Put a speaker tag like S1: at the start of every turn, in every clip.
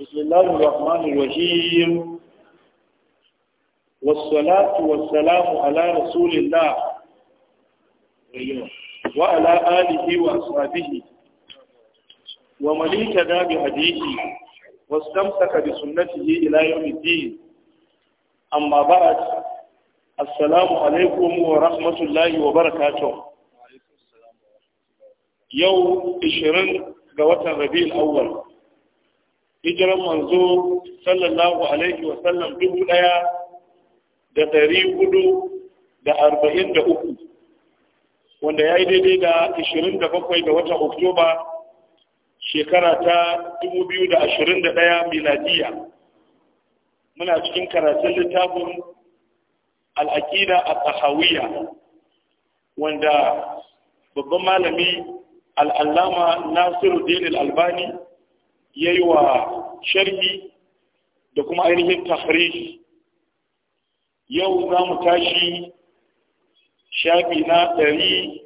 S1: بسم الله الرحمن الرحيم والصلاة والسلام على رسول الله وعلى آله وأصحابه ومليك اهتدى بهديه واستمسك بسنته إلى يوم الدين أما بعد السلام عليكم ورحمة الله وبركاته يوم 20 ga watan rabi'ul awwal hijiran manzo sallallahu alaihi wa sallam dubu daya da ɗari hudu da arba'in da uku wanda ya yi daidai da ashirin da bakwai ga watan oktoba shekara ta dubu biyu da ashirin da ɗaya miladiya muna cikin karatun littafin al'aƙida a tsahawiyya wanda babban malami al'allama nasiru dinil albani ya yi wa sharhi da kuma ainihin tafrish yau za mu tashi shafi na ɗari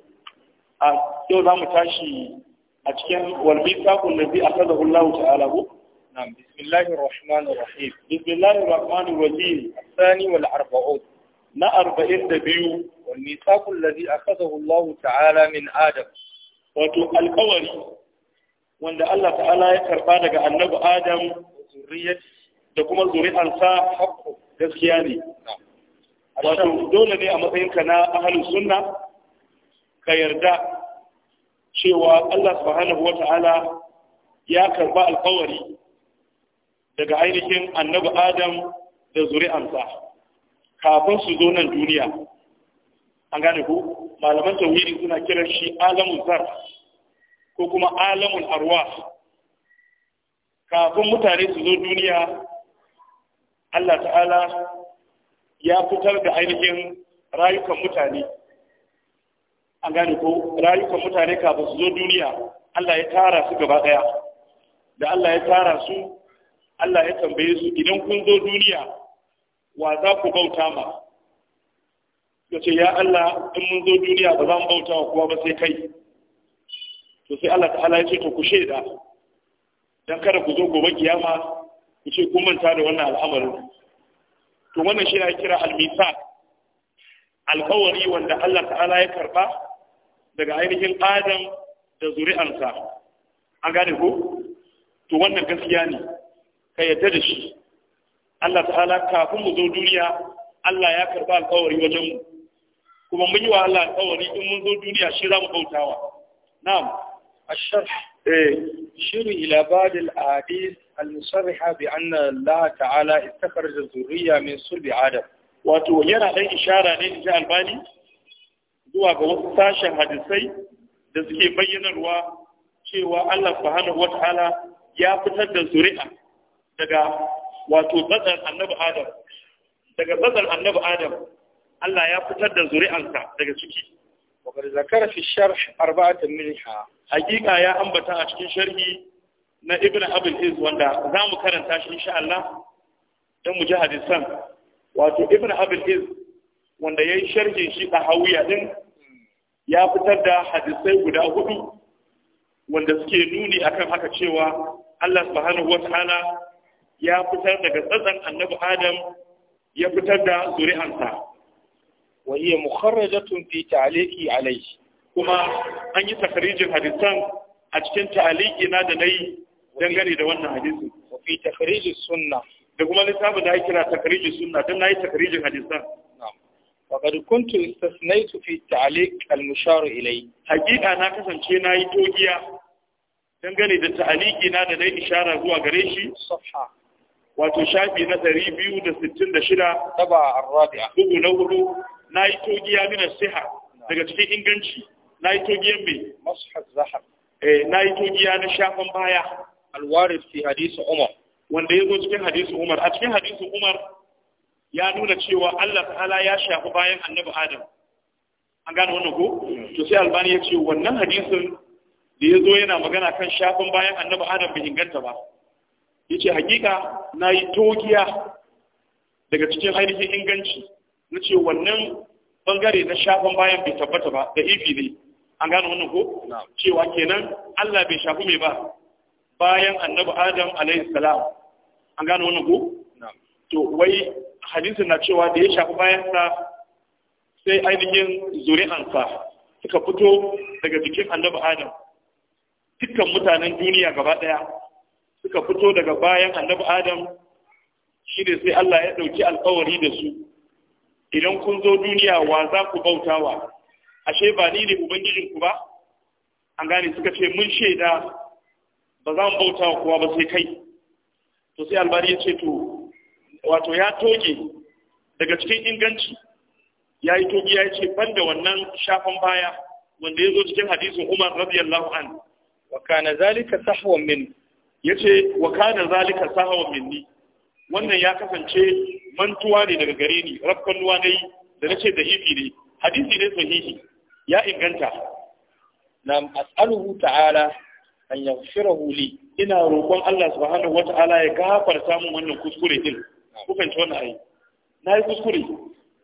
S1: a yau za mu tashi a cikin walbi da bi a kaza hullahu ta'ala ku نعم بسم الله الرحمن الرحيم بسم الله الرحمن الرحيم الثاني والأربعون نا أربعين دبيو والميثاق الذي أخذه الله ta'ala min Adam? wato alkawari wanda Allah ta'ala ya karba daga annabi Adam da kuma zuri'ansa haƙƙo gaskiya ne wato dole ne a matsayinka na ahlus sunna ka yarda cewa Allah subhanahu ta'ala ya karba alkawari daga ainihin annabi Adam da zuri'ansa kafin su zo nan duniya an gane ku malaman tauhidi suna kiran shi alamun zarf ko kuma alamul arwa kafin mutane su zo duniya Allah ta'ala ya fitar da ainihin rayukan mutane an gane ko rayukan mutane kafin su zo duniya Allah ya tara su gaba daya da Allah ya tara su Allah ya tambaye su idan kun zo duniya wa za ku bauta ma ya ce ya Allah in mun zo duniya ba za mu bauta wa kowa ba sai kai to sai Allah ta'ala ya ce to ku shaida dan kada ku zo gobe kiyama ku ce ku manta da wannan al'amarin to wannan shi ya kira al-misa alƙawari wanda Allah ta'ala ya karba daga ainihin Adam da zuri'ansa an gane ko to wannan gaskiya ne ka yadda da shi Allah ta'ala kafin mu zo duniya Allah ya karba alƙawari wajen mu kuma mun yi wa Allah alƙawari in mun zo duniya shi za mu bautawa na'am الشرح يشير إلى بعض الأحاديث المصرحة بأن الله تعالى استخرج الذرية من صلب آدم wato yana ɗan ishara ne in ji albani zuwa ga wasu sashen hadisai da suke bayyanarwa cewa Allah subhanahu wata'ala ya fitar da zuri'a daga wato tsatsar annabi Adam daga tsatsar annabi Adam Allah ya fitar da zuri'ansa daga ciki وقد ذكر في الشرح أربعة منها حقيقة يا أنبتا أشكي شرحي na ibn abul iz wanda za mu karanta shi insha Allah don mu ji hadisan wato ibn abul iz wanda ya yi sharhin shi a Hauya din ya fitar da hadisai guda hudu wanda suke nuni akan haka cewa Allah subhanahu wataala ya fitar daga tsatsan annabi Adam ya fitar da zuri'ansa wa hiya mukharrajatun fi ta'liqi alayhi kuma an yi takarijin hadisan a cikin ta'liqi na da nayi dangane da wannan hadisi wa fi takarijin sunna da kuma littafin da ake kira takarijin sunna na nayi takarijin hadisan وقد كنت استثنيت في التعليق المشار إليه حقيقة أنا كسن شينا يتوجيا دنغني دا تعليقي نادا دا إشارة هو غريشي صفحة وتشافي نتري بيو دا ستين دا شدا تبع الرابعة بقو نولو na yi togiya mina siha daga cikin inganci na yi togiya mai mashat zahar eh, na yi togiya na shafan baya alwaris fi hadisi umar wanda ya zo cikin hadisi umar a cikin hadisi umar ya nuna cewa Allah ta'ala ya shafi bayan annabi adam an gane wannan ko to sai albani ya ce wannan hadisin da ya zo yana magana kan shafin bayan annabi adam bai inganta ba ya ce hakika na yi togiya daga cikin ainihin inganci na ce wannan bangare na shafan bayan bai tabbata ba da ifi ne an gane wannan ko cewa kenan Allah bai shafi mai ba bayan annabi Adam alaihi salam an gane wannan ko to wai hadisi na cewa da ya shafi bayan sa sai ainihin zuri'ansa suka fito daga jikin annabi Adam dukkan mutanen duniya gaba daya suka fito daga bayan annabi Adam shi ne sai Allah ya dauki alƙawari da su idan kun zo duniya wa za ku bautawa ashe ba ni ne ubangijinku ba an gane suka ce mun shaida ba za mu bauta wa kowa ba sai kai to sai albari ya ce to wato ya toge daga cikin inganci ya yi toge ya ce ban da wannan shafan baya wanda ya zo cikin hadisin umar radiyallahu an wa kana zalika sahwan min yace wa kana zalika sahwan minni wannan ya kasance mantuwa ne daga gare ni rafkannuwa na da na ce dahifi ne hadisi ne sahihi ya inganta nam as'aluhu ta'ala an yaghfirahu li ina roƙon Allah subhanahu wata'ala ya gafarta min wannan kuskure din ku ci wannan ai na yi kuskure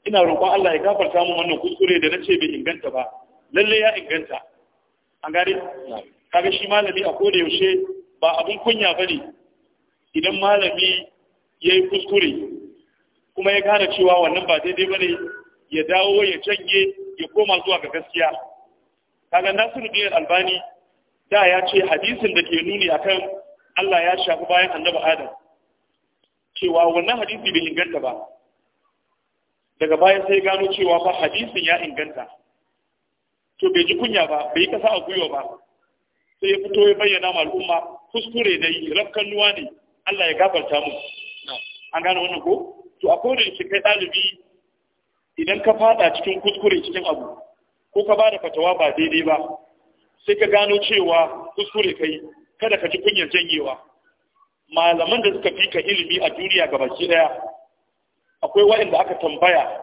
S1: ina roƙon Allah ya gafarta min wannan kuskure da na ce bai inganta ba lalle ya inganta an gare kaga shi malami a koda yaushe ba abun kunya bane idan malami yayi kuskure kuma ya gane cewa wannan ba daidai bane ya dawo ya canje ya koma zuwa ga gaskiya kaga Nasiru bin Albani da ya ce hadisin da ke nuni akan Allah ya shafi bayan annabi Adam cewa wannan hadisi bai inganta ba daga baya sai gano cewa ba hadisin ya inganta to bai ji kunya ba bai kasa a guyo ba sai ya fito ya bayyana ma al'umma kuskure da yi rafkan nuwa ne Allah ya gafarta mu an gano wannan ko to a kodin shi kai ɗalibi idan ka fada cikin kuskure cikin abu ko ka bada fatawa ba daidai ba sai ka gano cewa kuskure kai kada ka ji kunyar janyewa malaman da suka fi ka ilimi a duniya ga baki ɗaya akwai waɗanda aka tambaya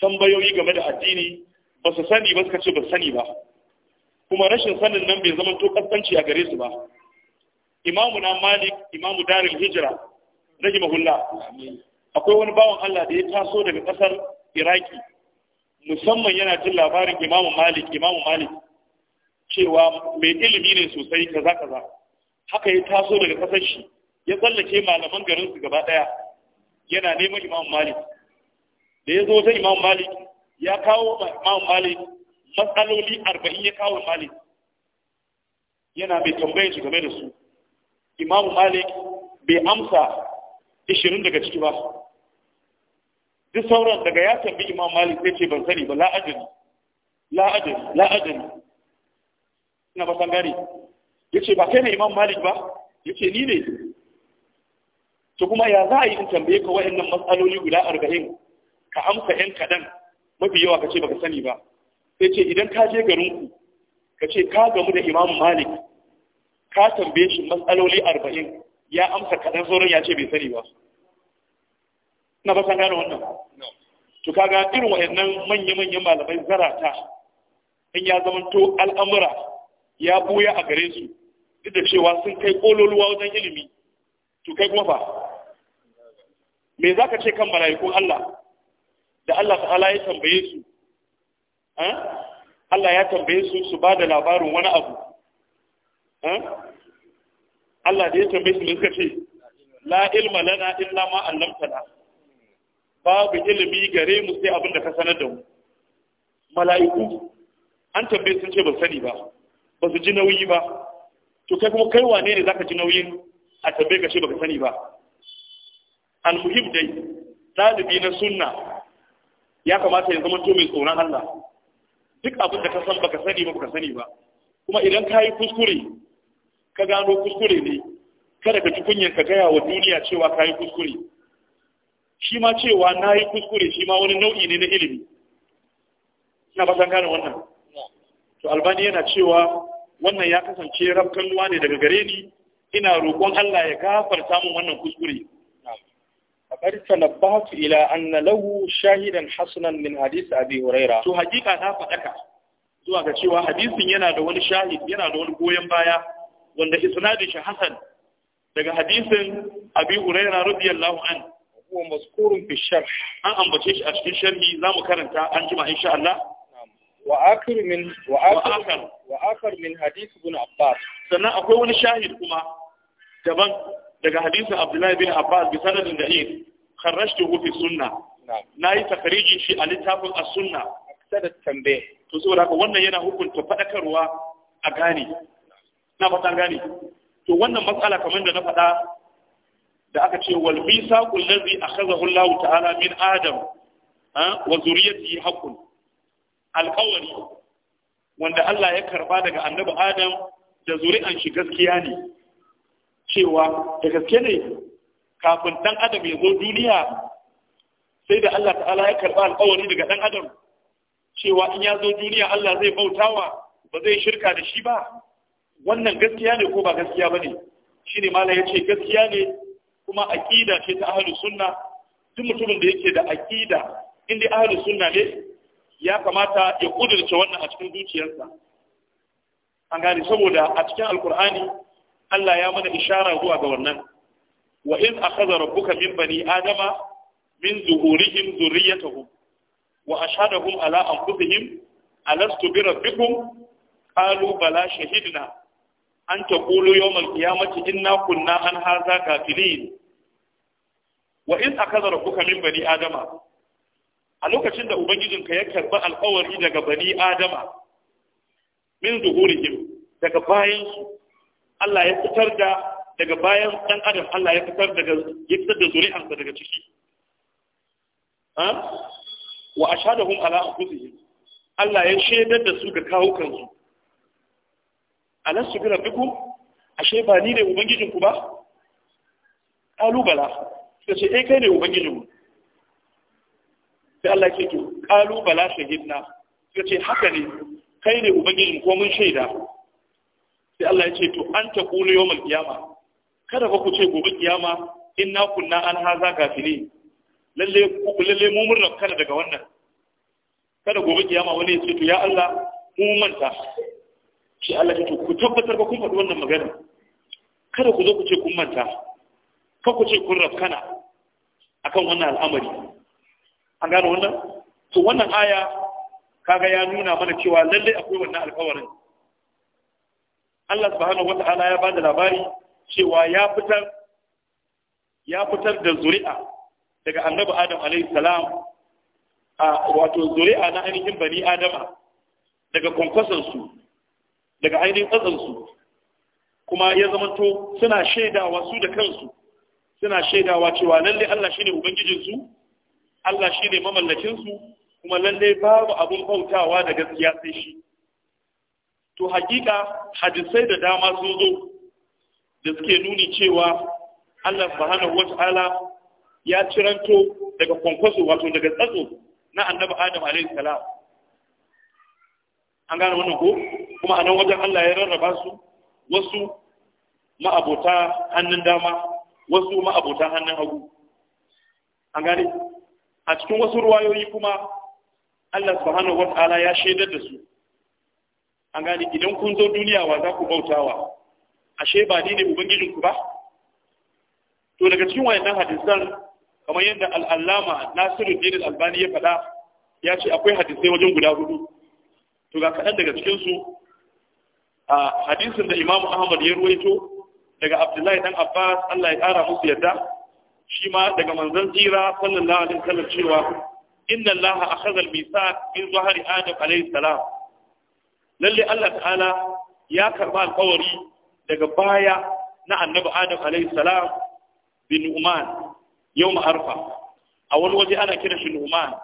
S1: tambayoyi game da addini ba su sani ba suka ce ba sani ba kuma rashin sanin nan bai zama to kaskanci a gare su ba imamu na malik imamu darul hijira rahimahullah akwai wani bawan Allah da ya taso daga kasar Iraki musamman yana jin labarin Imam Malik Imam Malik cewa mai ilimi ne sosai kaza kaza haka ya taso daga kasar shi ya tsallake malaman garin su gaba daya yana neman Imam Malik da ya zo sai Imam Malik ya kawo Imam Malik matsaloli arba'in ya kawo Malik yana mai tambayar shi game da su Imam Malik bai amsa 20 daga ciki ba duk sauran daga ya tambi imam malik sai ce ban sani ba la ajri la ajri la ina ba san gari yace ba kai ne imam malik ba yace ni ne to kuma ya za a yi in tambaye ka wayannan matsaloli guda 40 ka amsa yan kadan mafi yawa kace baka sani ba sai ce idan ka je garin ku kace ka gamu da imam malik ka tambaye shi matsaloli 40 ya amsa kadan sauran ya ce bai sani ba ina ba san gane wannan to kaga irin wayannan manya-manyan malamai zarata in ya zamanto al'amura ya buya a gare su duk da cewa sun kai kololuwa wajen ilimi to kai kuma fa me za ka ce kan mala'ikun Allah da Allah ta'ala ya tambaye su eh? Allah ya tambaye su su ba da labarin wani abu eh? Allah da ya tambaye su ne suka ce la ilma lana illa ma allamtana babu ilimi gare mu sai abin da ka sanar da mu mala'iku an tambaye sun ce ba sani ba ba su ji nauyi ba to kai kuma kai wane ne zaka ji nauyin a tambaye ka ce ka sani ba Al-muhim dai talibi na sunna ya kamata ya zama to mai tsoron Allah duk abin da ka san baka sani ba baka sani ba kuma idan ka yi kuskure ka gano kuskure ne kada ka ci kunyan ka gaya wa duniya cewa ka yi kuskure shi ma cewa na yi kuskure shi ma wani nau'i ne na ilimi na fatan gane wannan to albani yana cewa wannan ya kasance rafkan ruwa ne daga gare ni ina roƙon Allah ya gafar samun wannan kuskure faƙar tanabbatu ila anna lahu shahidan hasunan min hadis abi huraira to hakika na faɗaka zuwa ga cewa hadisin yana da wani shahid yana da wani goyon baya wanda isnadin shi hasan daga hadisin abi huraira radiyallahu an wa mazkurun fi sharh an ambace shi a cikin sharhi zamu karanta an jima insha Allah wa akhir min wa akhir wa akhir min hadith ibn Abbas sannan akwai wani shahid kuma daban daga hadisin Abdullahi bin Abbas bi sanadin da'if hu fi Na nayi takrijin shi a littafin as sunnah aksada tambaye to saboda haka wannan yana hukunta fadakarwa a gane na fatan gane to wannan matsala kamar da na faɗa da aka ce wal misaqul ladzi akhadhahu Allah ta'ala min Adam wa zuriyatihi haqqun alqawli wanda Allah ya karba daga annabi Adam da zuri'an shi gaskiya ne cewa da gaske ne kafin dan Adam ya zo duniya sai da Allah ta'ala ya karba alƙawari daga dan Adam cewa in ya zo duniya Allah zai bautawa ba zai shirka da shi ba wannan gaskiya ne ko ba gaskiya bane shine malai yace gaskiya ne kuma aqida ce ta ahlus sunna duk mutumin da yake da aqida inda ahlus sunna ne ya kamata ya kudurce wannan a cikin zuciyarsa an gane saboda a cikin alkur'ani Allah ya mana ishara zuwa ga wannan wa in akhadha rabbuka min bani adama min zuhurihim dhurriyyatahum wa ashhadahum ala anfusihim alastu bi rabbikum qalu bala shahidna an ta kulu kiyamaci in na kunna an haza kafili. wa in zara kuka min bani adama a lokacin da ubangijinka ya karba alkawari daga bani adama min zuhurihim daga bayansu Allah ya fitar da daga bayan dan adam Allah ya fitar daga ya fitar da zuri'ansa daga ciki sha wa ashhadahum ala anfusihim Allah ya shaidar da su ga kawukansu alasu bi rabbikum ashe ba ni ne ubangijin ku ba qalu bala sai ce eh kai ne ubangijin mu sai Allah ya ce qalu bala shahidna sai ce haka ne kai ne ubangijin ko mun shaida sai Allah ya ce to an ta kulu yawmal qiyama kada ba ku ce gobe qiyama inna kunna an haza gafili lalle lalle mu murna kada daga wannan kada gobe qiyama wani ya ce to ya Allah mu manta shi Allah ya ce ku tabbatar ba kun faɗi wannan magana kada ku zo ku ce kun manta ka ku ce kun rafkana akan wannan al'amari an gano wannan to wannan aya kaga ya nuna mana cewa lalle akwai wannan alƙawarin Allah subhanahu wata'ala ya bada labari cewa ya fitar ya fitar da zuri'a daga annabi Adam alaihi salam a wato zuri'a na ainihin bani Adama daga kwankwasan su daga ainihin tsatsansu kuma ya zamanto suna shaidawa su da kansu suna shaidawa cewa lalle Allah shine ubangijinsu Allah shine mamallakinsu kuma lalle babu abun bautawa da gaskiya sai shi to hakika hadisai da dama sun zo da suke nuni cewa Allah subhanahu wata'ala ya ciranto daga kwankwaso wato daga tsatso na annabi Adam alaihi salam an gane wannan ko kuma a nan wajen Allah ya rarraba su wasu ma'abota hannun dama wasu ma'abota hannun hagu an gane a cikin wasu ruwayoyi kuma Allah subhanahu ta'ala ya shaidar da su an gane idan kun zo duniya wa za ku bautawa ashe ba ni ne ku ba to daga cikin wayannan hadisan kamar yadda al'allama nasiru dinin albani ya faɗa ya ce akwai hadisai wajen guda hudu to ga kaɗan daga cikinsu a hadisin da imamu ahmad ya ruwaito daga abdullahi dan abbas allah ya ƙara musu yadda shi ma daga manzan tsira sallallahu alaihi wasallam cewa inna allah akhadha al-mithaq min zuhari adam alaihi salam lalle allah ta'ala ya karba alƙawari daga baya na annabi adam alaihi salam bin nu'man yau arfa a wani waje ana kira shi nu'man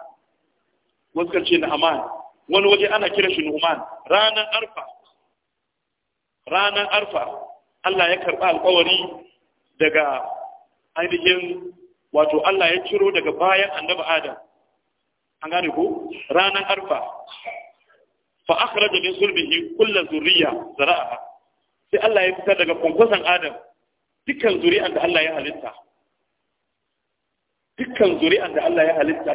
S1: wasu kan ce na'aman wani waje ana kira shi numan ranar arfa ranar arfa Allah ya karɓi alƙawari daga ainihin wato Allah ya ciro daga bayan annabi Adam an gane ko ranar arfa fa akhraja min sulbihi kullu zurriya zara'a sai Allah ya fitar daga kwankwasan Adam dukkan zuri'an da Allah ya halitta dukkan zuri'an da Allah ya halitta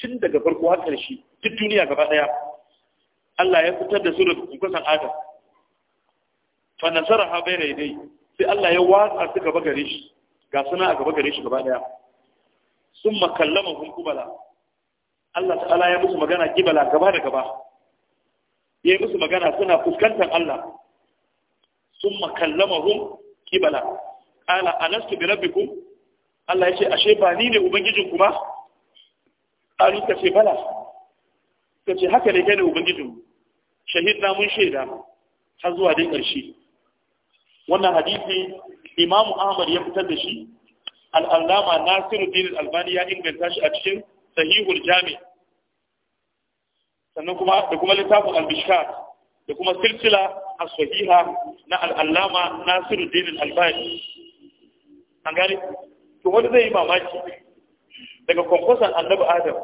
S1: tun daga farko har ƙarshe duk duniya gaba ɗaya Allah ya fitar da su daga kunkusan Adam fa nasaraha bayna yadayhi sai Allah ya watsa su gaba gare shi ga suna a gaba gare shi gaba ɗaya. daya summa kallamahum qibala Allah ta'ala ya musu magana qibala gaba da gaba ya yi musu magana suna fuskantar Allah Sun makalla summa kallamahum qibala qala alastu bi rabbikum Allah ya ce ashe ba ni ne ubangijin ku ba qalu ka ce bala ka ce haka ne kai ne ubangijin ubangijinku na mun shaida har zuwa dai ƙarshe wannan hadisi imamu ahmad ya fitar da shi al'allama nasiruddin albani ya inganta shi a cikin sahihul jami sannan kuma da kuma littafin al da kuma silsila a sahiha na al'allama nasiruddin albani an gane to wani zai yi mamaki daga kwankwason annabi adam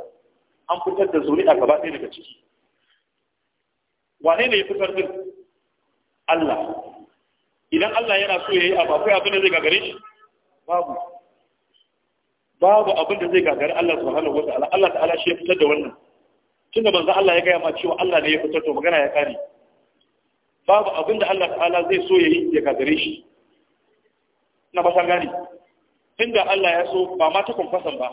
S1: an fitar da zuri'a gaba ɗaya daga ciki wane ne ya fi karfin Allah idan Allah yana so ya yi abu akwai abin da zai gagare shi babu babu abin da zai gagare Allah wata ala Allah ta'ala shi ya fitar da wannan tunda banza Allah ya gaya ma cewa Allah ne ya fitar to magana ya kare babu abin da Allah ta'ala zai so ya yi ya gagare shi na ba san gani da Allah ya so ba ma ta kumfasan ba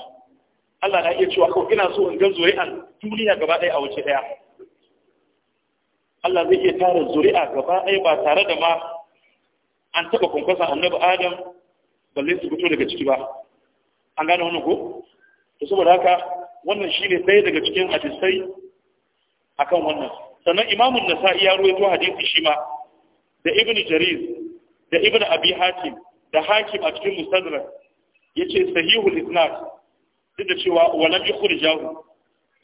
S1: Allah na iya cewa ko ina so in ga zoyi an duniya gaba ɗaya a wace ɗaya Allah zai iya tara zuri'a gaba ɗaya ba tare da ma an taɓa kwankwasa annabi Adam balle su fito daga ciki ba an gane wannan ko to saboda haka wannan ne ɗaya daga cikin hadisai akan wannan sannan na Nasa'i ya ruwaito hadisi shi ma da Ibn Jarir da Ibn Abi hakim da Hakim a cikin ya ce Sahihu isnad duk da cewa walam yukhrijahu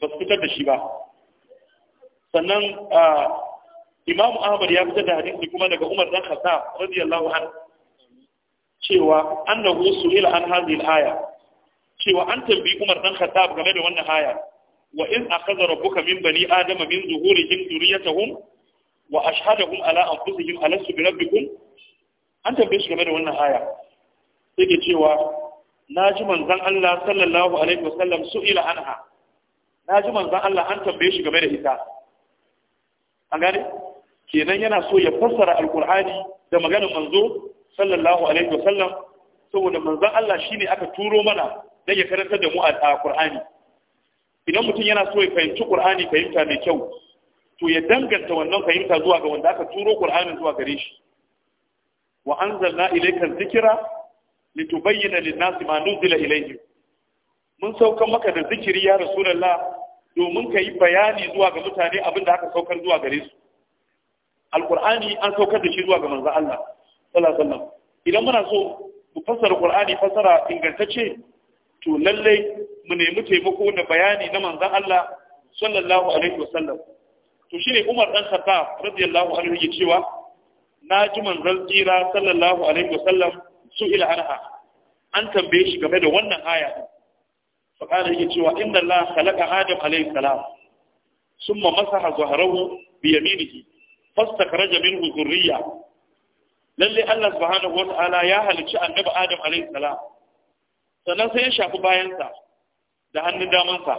S1: ba su fitar da shi ba sannan ah, imam ahmad ya fitar da hadisi kuma daga umar dan khattab radiyallahu anhu cewa annahu su'ila an hadhihi al-aya cewa an tambayi umar dan khattab game da wannan aya wa in akhadha rabbuka min bani adama min zuhurihim dhurriyyatahum wa ashhadahum ala anfusihim alastu bi rabbikum an tambaye shi game da wannan aya sai ke cewa ji manzon Allah sallallahu alaihi wasallam su'ila anha ji manzon Allah an tambaye shi game da ita an gane kenan yana so ya fassara alkur'ani da maganar manzo sallallahu alaihi wasallam saboda manzon Allah shine aka turo mana dan ya karantar da mu alkur'ani idan mutum yana so ya fahimci qur'ani fahimta mai kyau to ya danganta wannan fahimta zuwa ga wanda aka turo qur'anin zuwa gare shi wa anzalna ilayka dhikra litubayyana lin-nasi ma nuzila ilayhi mun sauka maka da zikiri ya rasulullah domin ka yi bayani zuwa ga mutane abin da aka saukar zuwa gare su alqur'ani an saukar da shi zuwa ga manzo Allah sallallahu alaihi wasallam idan muna so mu fassara qur'ani fassara ingantacce to lalle mu nemi taimako da bayani na manzon Allah sallallahu alaihi wasallam to shine Umar dan Khattab radiyallahu anhu yake cewa na ji manzon tsira sallallahu alaihi wasallam su ila anha an tambaye shi game da wannan aya fa kana yake cewa inna Allah khalaqa Adam alaihi salam summa masaha zuhrahu bi fastakhraja minhu zurriya lalle Allah subhanahu wata'ala ya halicci annabi Adam alaihi salam sannan sai ya shafi bayansa da hannun damansa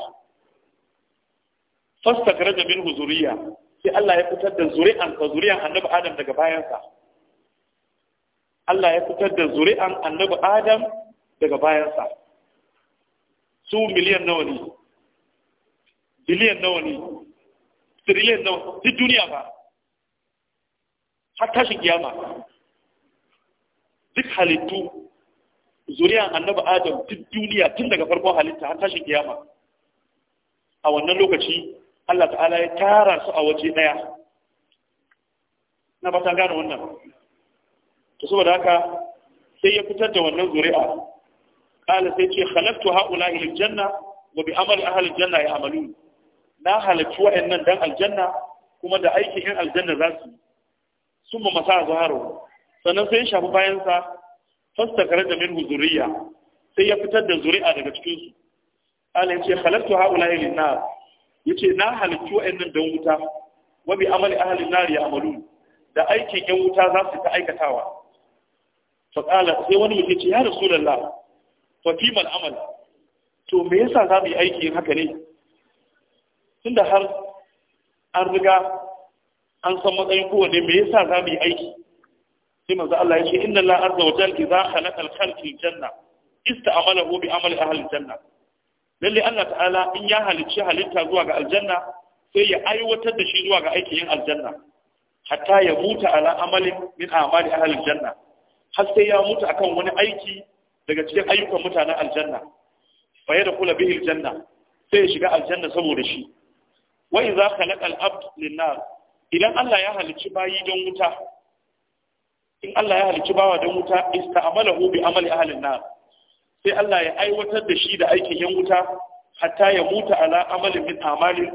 S1: fastakhraja minhu zurriya sai Allah ya fitar da zuri'an zuri'an annabi Adam daga bayansa Allah ya fitar da zuri'an annabi Adam su miliyan nawa ne biliyan ba har tashin kiyama duk halittu zuriya annabi adam duk duniya tun daga farkon halitta har tashin kiyama a wannan lokaci Allah ta'ala ya tara su a waje daya na ba ta gane wannan to saboda haka sai ya fitar da wannan zuri'a kala sai ce khalaqtu haula ila janna, wa bi amali ahli janna ya amalu na halatu wa'annan dan aljanna kuma da aikin aljanna za su yi sun ba masa zaharo sannan sai ya shafi bayansa kare da min huzuriya sai ya fitar da zuri'a daga cikinsu ala ya ce halattu ha'ula ilin na ya ce na halittu wa'annan don wuta wabi amali ahalin nari ya amalu da aikin yan wuta za su ta aikatawa faƙala sai wani mutum ce ya rasu lalla fatimar amal to me yasa za mu yi aiki haka ne tunda har an riga an san matsayin kowanne me yasa za mu yi aiki sai manzo Allah ya ce inna la azza wa jalla idza khalaqa al-khalqa janna ista'malahu bi amali ahli janna lalle Allah ta'ala in ya halicci halitta zuwa ga aljanna sai ya aiwatar da shi zuwa ga aikin yin aljanna hatta ya mutu ala amalin min amali ahli janna, har sai ya mutu akan wani aiki daga cikin ayyukan mutanen aljanna fa ya dakula bihi aljanna sai ya shiga aljanna saboda shi wa idza khalaqa al-abd lin-nar idan Allah ya halicci bayi don wuta in Allah ya halicci bawa don wuta ista'malahu bi amali ahlin nar sai Allah ya aiwatar da shi da aikin yan wuta hatta ya muta ala amalin min amali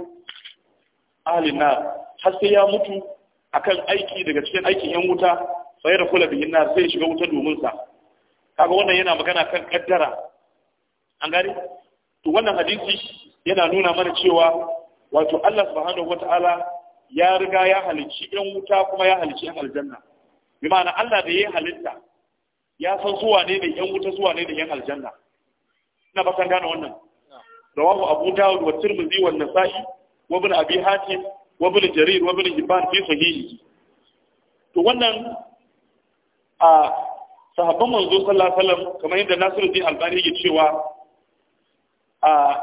S1: ahlin nar har sai ya mutu akan aiki daga cikin aikin yan wuta fa ya rafula bihin nar sai ya shiga wuta domin sa kaga wannan yana magana kan kaddara an gane to wannan hadisi yana nuna mana cewa wato Allah subhanahu wataala ya riga ya halicci yan wuta kuma ya halicci yan aljanna bi ma'ana Allah da ya yi halitta ya san zuwa ne da yan wuta zuwa ne da yan aljanna ina ba san gane wannan rawahu abu dawud wa tirmidhi wa nasa'i wa ibn abi hatim wa ibn jarir wa ibn hibban fi sahihi to wannan a sahabban manzo sallallahu alaihi wasallam kamar yadda Nasiruddin Albani yake cewa a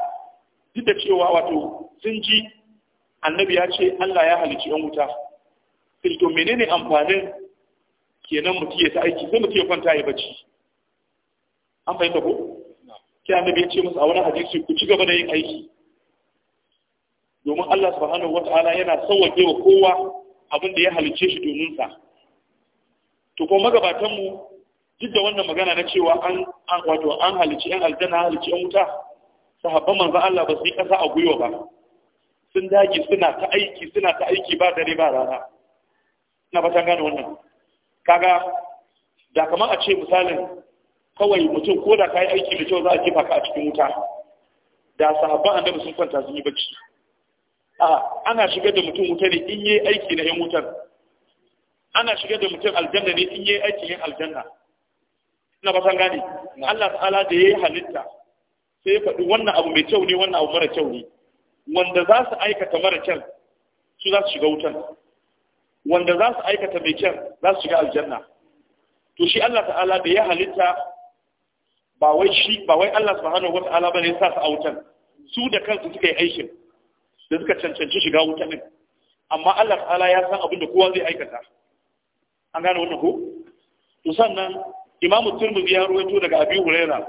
S1: duk da cewa wato sun ji annabi ya ce Allah ya halici yan wuta filto menene amfanin kenan mutum ya ta aiki sai mutum ya kwanta ya bacci an fahimta ko sai annabi ya ce musu a wani hadisi ku ci gaba da yin aiki domin Allah subhanahu wata'ala yana sauwake wa kowa abin da ya halice shi domin sa to ko magabatan mu duk da wannan magana na cewa an wato an halici yan aljanna halici yan wuta sahabban manzon Allah ba su yi kasa a gwiwa ba sun dage suna ta aiki suna ta aiki ba dare ba rana na fatan gane wannan kaga da kamar a ce misalin kawai mutum ko da ka yi aiki da kyau za a jefa ka a cikin wuta da sahabban annabi sun kwanta sun yi bacci a ana shigar da mutum wuta ne in yi aiki na yan wutar ana shigar da mutum aljanna ne in yi aiki yan aljanna ina san gane Allah ta'ala da ya yi halitta sai ya faɗi wannan abu mai kyau ne wannan abu mara kyau ne wanda za su aikata mara kyan su za su shiga wutan wanda za su aikata mai kyan za su shiga aljanna to shi Allah ta'ala da ya halitta ba wai shi ba wai Allah subhanahu wata'ala bane ya sa su a wutan su da kansu suka yi aikin da suka cancanci shiga wutan din amma Allah ta'ala ya san abin da kowa zai aikata an gane wannan ko to sannan Imam Tirmidhi ya rawaito daga Abi Hurairah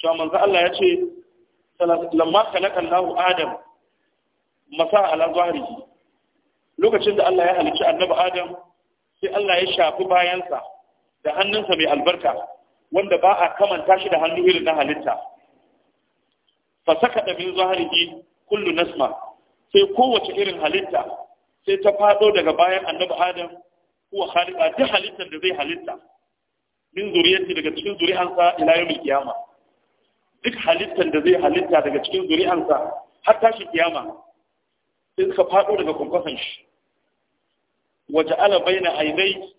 S1: cewa manzo Allah ya ce lamma khalaqa Allahu Adam masa ala zahrihi lokacin da Allah ya halicci annabi Adam sai Allah ya shafi bayansa da hannunsa mai albarka wanda ba a kamanta shi da hannu irin na halitta fa saka da min zahrihi kullu nasma sai kowace irin halitta sai ta fado daga bayan annabi Adam huwa khaliqa duk halittar da zai halitta min zuriyati daga cikin zuri'ansa ila yawmil qiyamah duk halittar da zai halitta daga cikin zuri'ansa har tashi kiyama sai suka faɗo daga kwankwason shi waje ala baina ainai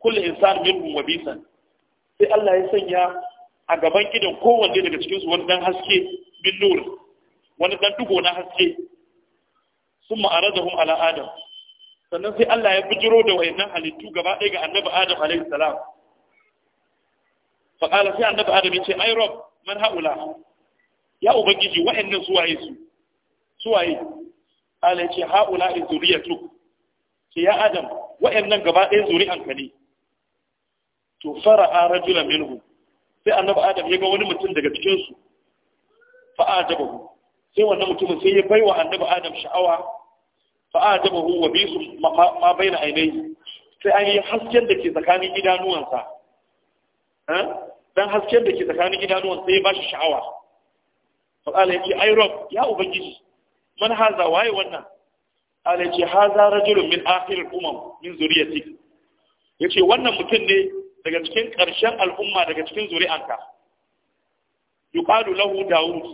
S1: kullu insan minhum bisa? sai Allah ya sanya a gaban gidan kowanne daga cikin su wani dan haske bin nur wani dan dugo na haske sun da ala adam sannan sai Allah ya bijiro da wayannan halittu gaba ɗaya ga annabi adam alayhi salam fa qala sai annabi adam ya ce ai rob man haula ya ubangiji wayannan suwaye su suwaye ala ya ce haula in zuriyatu ce ya adam wa'annan gaba ɗaya zuri'an ka ne to a rajula minhu sai annabi adam ya ga wani mutum daga cikin su fa ajabahu sai wannan mutumin sai ya baiwa annabi adam sha'awa fa ajabahu wa bisu ma baina ainihi sai an yi hasken da ke tsakanin idanuwansa eh? dan hasken da ke tsakanin idanuwansa sai ya bashi sha'awa fa ya ce, ai rob ya ubangiji man haza waye wannan ala ce haza rajulun min akhir umam min zuriyati yace wannan mutum ne daga cikin ƙarshen al'umma daga cikin zuri'anka yuqalu lahu daud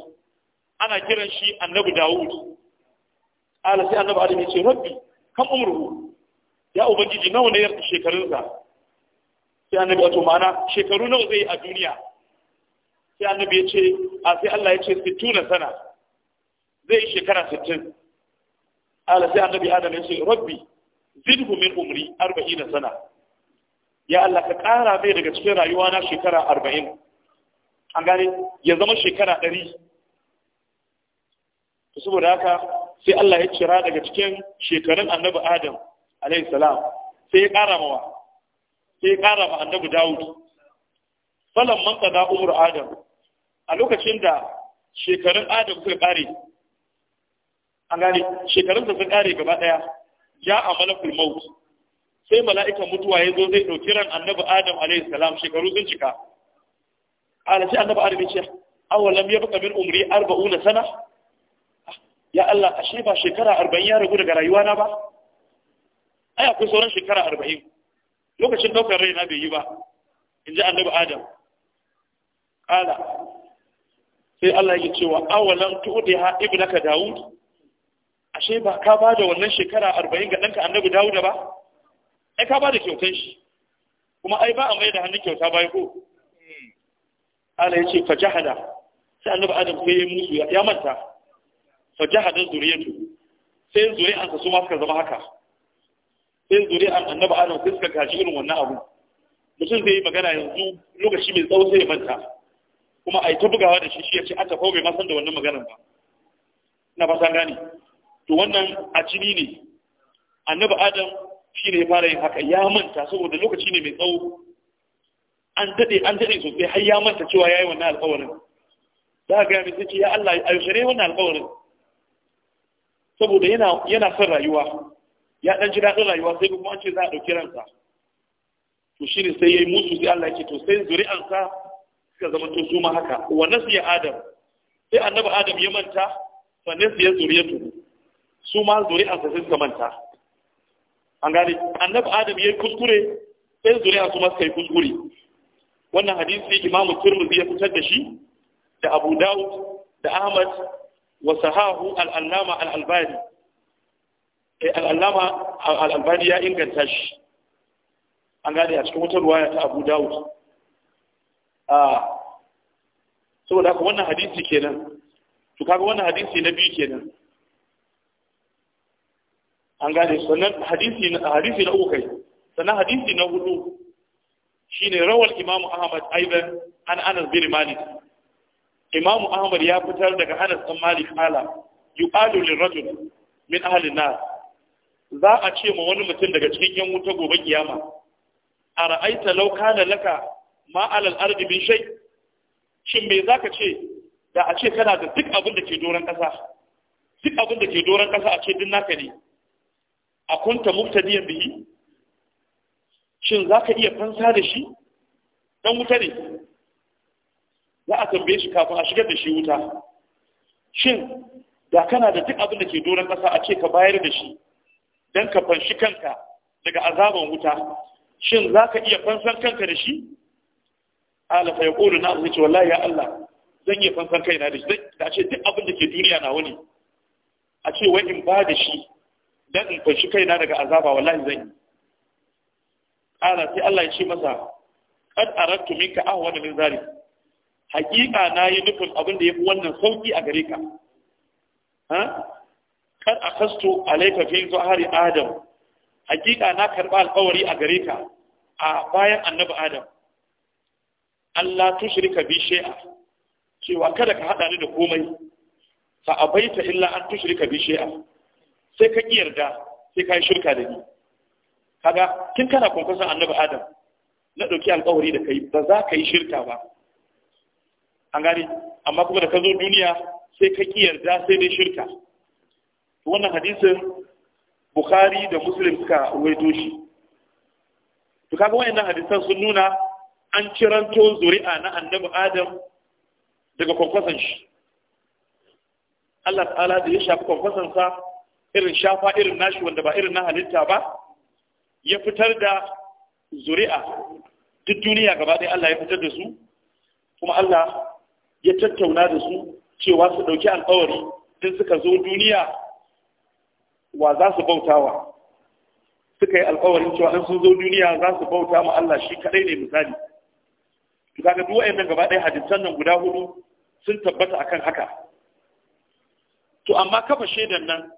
S1: ana kiran shi annabi daud ala sai annabi adam yace rabbi kam umruhu ya ubangiji nawa ne yarda shekarunsa sai annabi wato ma'ana shekaru nawa zai yi a duniya sai annabi yace a sai Allah yace 60 sana zai yi shekara sittin ala sai annabi adam ya ce rabbi zidhu min umri 40 sana ya Allah ka ƙara mai daga cikin rayuwa na shekara arba'in an gane ya zama shekara ɗari saboda haka sai Allah ya cira daga cikin shekarun annabi adam alayhi salam sai ya ƙara mawa sai ya ƙara ma annabi dawud falan man qada umru adam a lokacin da shekarun adam suka ƙare an gane shekarunsa sun kare gaba daya ya a malakul maut sai mala'ikan mutuwa ya zo zai dauki ran annabi adam alaihi salam shekaru sun cika ala sai annabi adam ya ce awalam ya baka min umri 40 sana ya Allah ashe ba shekara arba'in ya ragu daga rayuwa na ba ai akwai sauran shekara arba'in lokacin ɗaukar rai na bai yi ba in ji annabi adam ƙala sai Allah ya cewa awalan tuɗe ha ibnaka daud ashe ba ka ba da wannan shekara arba'in ga ɗanka annabi da ba ai ka ba da kyautan shi kuma ai ba a mai da hannun kyauta bayan ko ala ya ce fa jahada sai annabi adam sai ya musu ya manta fa jahada zuriyatu sai sa su ma suka zama haka sai zuriyan annabi adam sai suka gaji irin wannan abu mutum zai yi magana yanzu lokaci mai tsawo sai ya manta kuma a yi ta bugawa da shi shi ya ce aka kawai bai ma san da wannan maganar ba na ba san gane to wannan a jini ne annabi adam shi ne ya fara yin haka ya manta saboda lokaci ne mai tsawo an daɗe an daɗe sosai har ya manta cewa ya yi wannan alƙawarin za ka gaya mai sai ce ya Allah a yaushe ne wannan alƙawarin saboda yana yana son rayuwa ya ɗan ji daɗin rayuwa sai kuma an ce za a ɗauki ransa to shi ne sai ya yi musu sai Allah ya ce to sai zuri'ansa suka zama to su ma haka wa nasiya adam sai annabi adam ya manta fa ya zuriyatu su ma zuri'ansa sai suka manta an gane annabi adam ya yi kuskure sai zuri'a su ma suka yi kuskure wannan hadisi imamu tirmidhi ya fitar da shi da abu dawud da ahmad wa sahahu al-allama al-albani eh, al al'albani ya inganta shi an gane a cikin wata ruwaya ta abu dawud ah saboda haka wannan hadisi kenan to kaga wannan hadisi na biyu kenan an gane sannan hadisi na uku kai sannan hadisi na hudu shine rawar Imam ahmad aiban an anas bin malik imam ahmad ya fitar daga anas bin malik ala yuqalu lirajul min ahli nar za a ce ma wani mutum daga cikin yan wuta gobe kiyama ara'aita law kana laka ma alal ardi min shay shin me zaka ce da a ce kana da duk abin da ke doron kasa duk abin da ke doron kasa a ce din naka ne a kunta muktadiyan bihi shin za ka iya fansa da shi dan wuta ne za a tambaye shi kafin a shigar da shi wuta shin da kana da duk abin da ke doron ƙasa a ce ka bayar da shi don ka fanshi kanka daga azaban wuta shin za ka iya fansan kanka da shi ala fa yaqulu na zai wallahi ya Allah zan iya fansan kaina da shi da ce duk abin da ke duniya na wani a ce wa in ba da shi dan in fashi kaina daga azaba wallahi zan yi ƙara sai Allah ya ce masa kad aradtu minka ahwana min zalik haƙiƙa na yi nufin abin da ya fi wannan sauƙi a gare ka ha a kasto alayka fi zuhari adam haƙiƙa na karɓa alƙawari a gare ka a bayan annabi adam Allah tushrika bi shay'a cewa kada ka hada ni da komai fa abaita illa an tushrika bi shay'a sai ka ƙi yarda sai ka yi shirka da ni kaga kin kana kwankwasan annabi adam na ɗauki alƙawari da kai ba za ka yi shirka ba an gane amma kuma da ka zo duniya sai ka ƙi yarda sai dai shirka wannan hadisin bukhari da muslim suka ruwaito shi to kaga wayannan hadisan sun nuna an ciranto zuri'a na annabi adam daga kwankwasan shi Allah ta'ala da ya shafi kwankwason sa irin shafa irin nashi wanda ba irin na halitta ba ya fitar da zuri'a duk duniya gaba ɗaya Allah ya fitar da su kuma Allah ya tattauna da su cewa su ɗauki alƙawari tun suka zo duniya wa za su bautawa suka yi alƙawarin cewa in sun zo duniya za su bauta ma Allah shi kaɗai ne misali to kaga duk wayannan gaba ɗaya hadisan nan guda hudu sun tabbata akan haka to amma kafa shaidan nan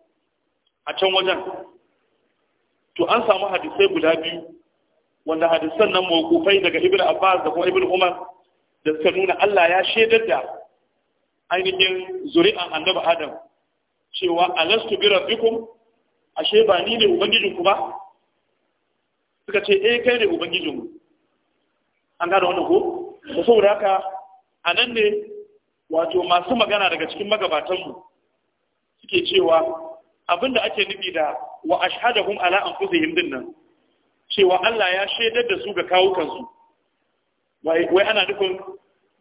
S1: a can wajen to an samu hadisai guda biyu wanda hadisan nan mawqufai daga ibnu abbas da kuma ibnu umar da suka nuna Allah ya shaidar da ainihin zuri'an annabi adam cewa alastu bi rabbikum ashe ba ni ne ku ba suka ce eh kai ne mu an gada wannan ko da saboda haka a nan ne wato masu magana daga cikin magabatanmu suke cewa abinda ake nufi da wa ashhadahum ala anfusihim din nan cewa Allah ya shaidar da su ga kawo kansu wai ana nufin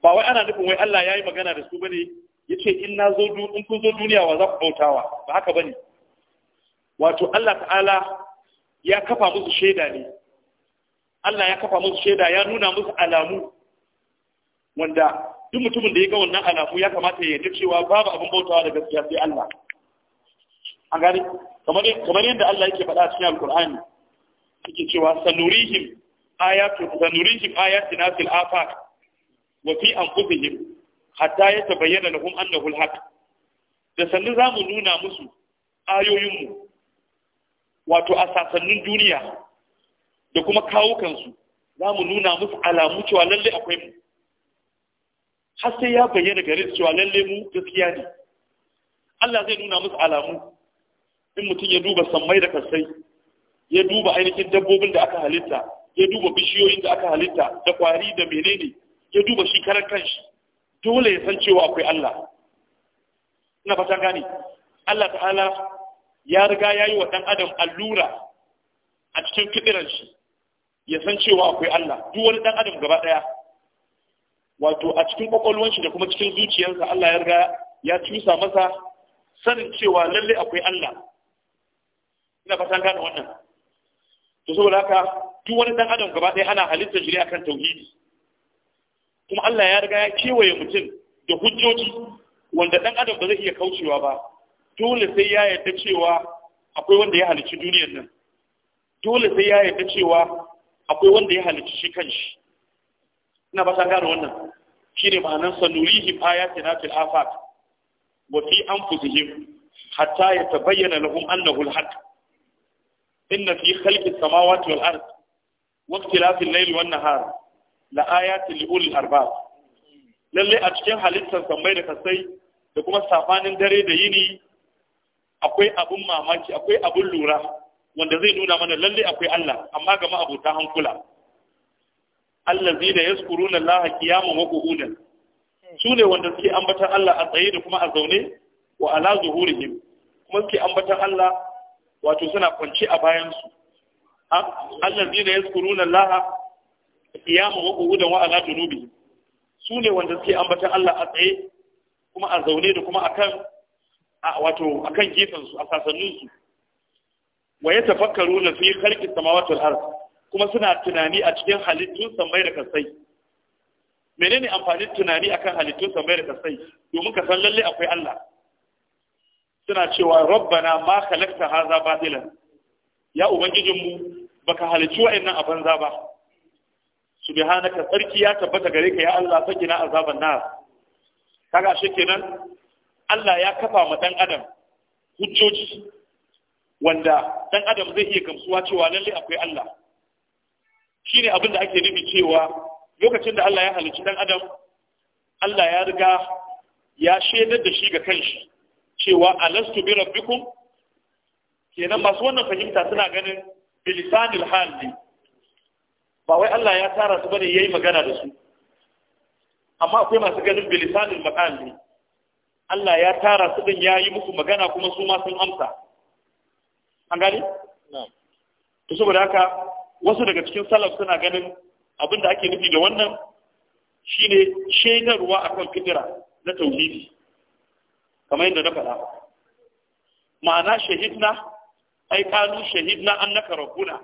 S1: ba wai ana nufin wai Allah ya yi magana da su bane yace in na zo in kun zo duniya wa za ku bautawa ba haka bane wato Allah ta'ala ya kafa musu shaida ne Allah ya kafa musu shaida ya nuna musu alamu wanda duk mutumin da ya ga wannan alamu ya kamata ya yarda cewa babu abin bautawa da gaskiya sai Allah an gane kamar yadda Allah yake faɗa a cikin alkur'ani yake cewa sanurihim ayatu sanurihim na fil afaq wa fi anfusihim hatta yatabayyana lahum annahu alhaq da sannu zamu nuna musu mu wato a sasannin duniya da kuma kawukansu za mu nuna musu alamu cewa lalle akwai mu har sai ya bayyana gare su cewa lalle mu gaskiya ne Allah zai nuna musu alamu in mutum ya duba sammai da kasai ya duba ainihin dabbobin da aka halitta ya duba bishiyoyin da aka halitta da kwari da menene ya duba shi karan kanshi dole ya san cewa akwai Allah ina fatan gane Allah ta'ala ya riga ya yi wa ɗan adam allura a cikin kiɗiran shi ya san cewa akwai Allah duk wani ɗan adam gaba ɗaya wato a cikin ƙwaƙwalwan shi da kuma cikin zuciyarsa Allah ya riga ya cusa masa sanin cewa lalle akwai Allah ina fatan gane wannan to saboda haka duk wani dan adam gaba ɗaya ana halittar shi akan tauhidi kuma Allah ya riga ya kewaye mutum da hujjoji wanda dan adam ba zai iya kaucewa ba dole sai ya yarda cewa akwai wanda ya halicci duniyar nan dole sai ya yarda cewa akwai wanda ya halicci shi kanshi ina ba ta gane wannan shine ma'anar sanurihim ayatina fil afaq wa fi anfusihim hatta yatabayyana lahum annahu al-haqq inna fi khalqi samawati wal ard wa ikhtilafi al-layli wan nahar la ayatin li ulil arbab lalle a cikin halittar sammai da kasai da kuma safanin dare da yini akwai abun mamaki akwai abun lura wanda zai nuna mana lalle akwai Allah amma ga ma'abuta hankula allazi da yaskuruna Allah qiyaman wa qu'udan su ne wanda suke ambatan Allah a tsaye da kuma a zaune wa ala zuhurihim kuma suke ambatan Allah wato suna kwanci a bayansu Allah zina ya tsuru na laha ya mawa ƙudan wa'ala junubi su ne wanda suke ambatan Allah a tsaye kuma a zaune da kuma akan wato akan gefensu a sasanninsu wa ya tafakkaru na fi khalqis samawati wal ard kuma suna tunani a cikin halittun samai da kasai menene amfanin tunani akan halittun samai da kasai domin ka san lalle akwai Allah suna cewa rabbana ma khalaqta hadha batilan ya ubangijinmu baka halarci wa'annan a banza ba subhanaka sarki ya tabbata gare ka ya Allah sakina azaban nar kaga shi kenan Allah ya kafa ma dan adam hujjoji wanda dan adam zai iya gamsuwa cewa lalle akwai Allah shine abin da ake nufi cewa lokacin da Allah ya halicci dan adam Allah ya riga ya shaidar da shi ga kanshi cewa alastu bi rabbikum kenan masu wannan fahimta suna ganin bilisanil hal ne ba wai Allah ya tara su bane yayi magana da su amma akwai masu ganin bilisanil maqal ne Allah ya tara su din yayi musu magana kuma su ma sun amsa an gani na'am to saboda haka wasu daga cikin salaf suna ganin abinda ake nufi da wannan shine shaidarwa akan fitira na tauhidi kamar yadda na faɗa ma'ana shahidna ai kanu shahidna annaka rabbuna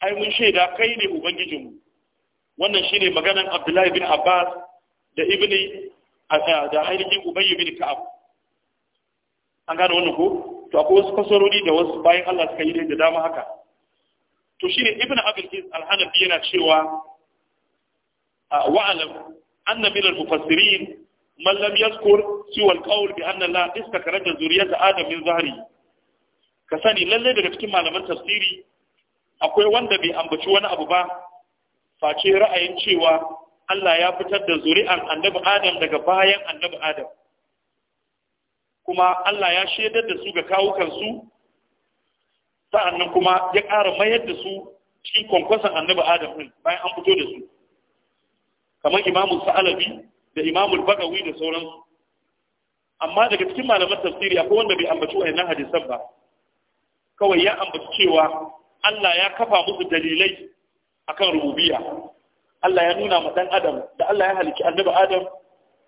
S1: ai mun shaida kai ne ubangijinmu wannan shine maganan Abdullahi bin Abbas da ibni da ainihin Ubay bin Ka'ab an gane wannan ko to akwai wasu fasarori da wasu bayan Allah suka yi da dama haka to shine ibn Abdul Aziz al-Hanafi yana cewa wa'alam anna min al-mufassirin man lam yazkur siwa alqawl bi anna la istakaraja zuriyata adam zari. zahri ka sani lalle daga cikin malaman tafsiri akwai wanda bai ambaci wani abu ba face ra'ayin cewa Allah ya fitar da zuri'an annabi Adam daga bayan annabi Adam kuma Allah ya shaidar da su ga kawukansu sa'annan kuma ya ƙara mayar da su cikin kwankwason annabi Adam ɗin bayan an fito da su kamar imamu sa'alabi da imamul bagawi da sauransu amma daga cikin malaman tafsiri akwai wanda bai ambaci wayannan hadisan ba kawai ya ambaci cewa Allah ya kafa musu dalilai akan rububiyya Allah ya nuna ma dan adam da Allah ya halicci annabi adam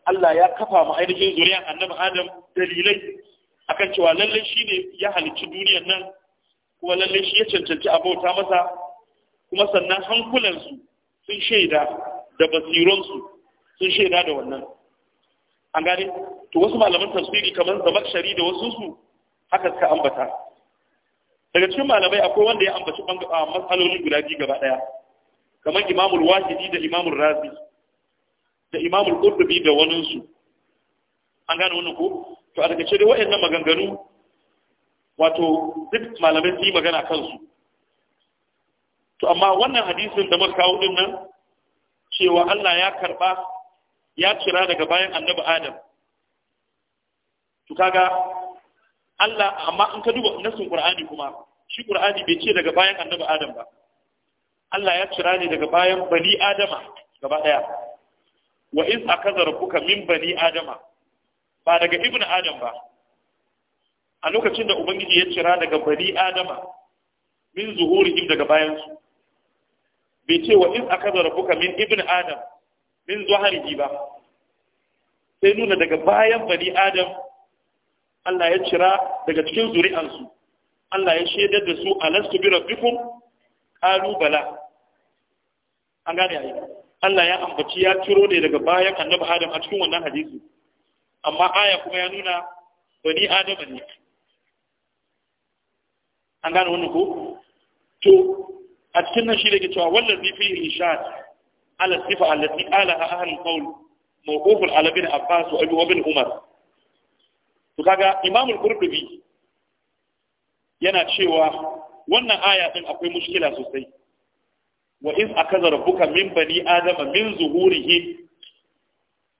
S1: Allah ya kafa ma ainihin zuriyar annabi adam dalilai akan cewa lalle shi ne ya halicci duniyar nan kuma lalle shi ya cancanci abota masa kuma sannan hankulansu sun shaida da basiransu sun shaida da wannan an gane to wasu malaman tafsiri kamar zamakshari da wasu su haka suka ambata daga cikin malamai akwai wanda ya ambaci matsaloli guda biyu gaba daya kamar imamul wahidi da imamul razi da imamul qurtubi da wani su an gane wannan ko to a daga cikin waɗannan maganganu wato duk malamai su yi magana kansu to amma wannan hadisin da muka kawo din nan cewa Allah ya karba ya cira daga bayan annabi adam to kaga Allah amma in ka duba nasin Qur'ani kuma shi Qur'ani bai ce daga bayan annabi adam ba Allah ya cira ne daga bayan bani adama gaba daya wa iz akaza rabbuka min bani adama ba daga ibnu adam ba a lokacin da ubangiji ya cira daga bani adama min zuhurihim daga bayansu bai ce wa iz akaza rabbuka min ibnu adam min zuharihi ba sai nuna daga bayan bani adam Allah ya cira daga cikin zuri'ansu Allah ya shaidar da su lasu bi rabbikum qalu bala an gane ai Allah ya ambaci ya ciro ne daga bayan annabi adam a cikin wannan hadisi amma aya kuma ya nuna bani adam ne an gane wannan ko to a cikin nan shi da ke cewa wallazi fi irshad ala sifa allati alaha ahlul qawl mawqufun ala bin abbas wa ibn umar to kaga imam al-qurtubi yana cewa wannan aya din akwai mushkila sosai wa iz akaza rabbuka min bani adama min zuhurihi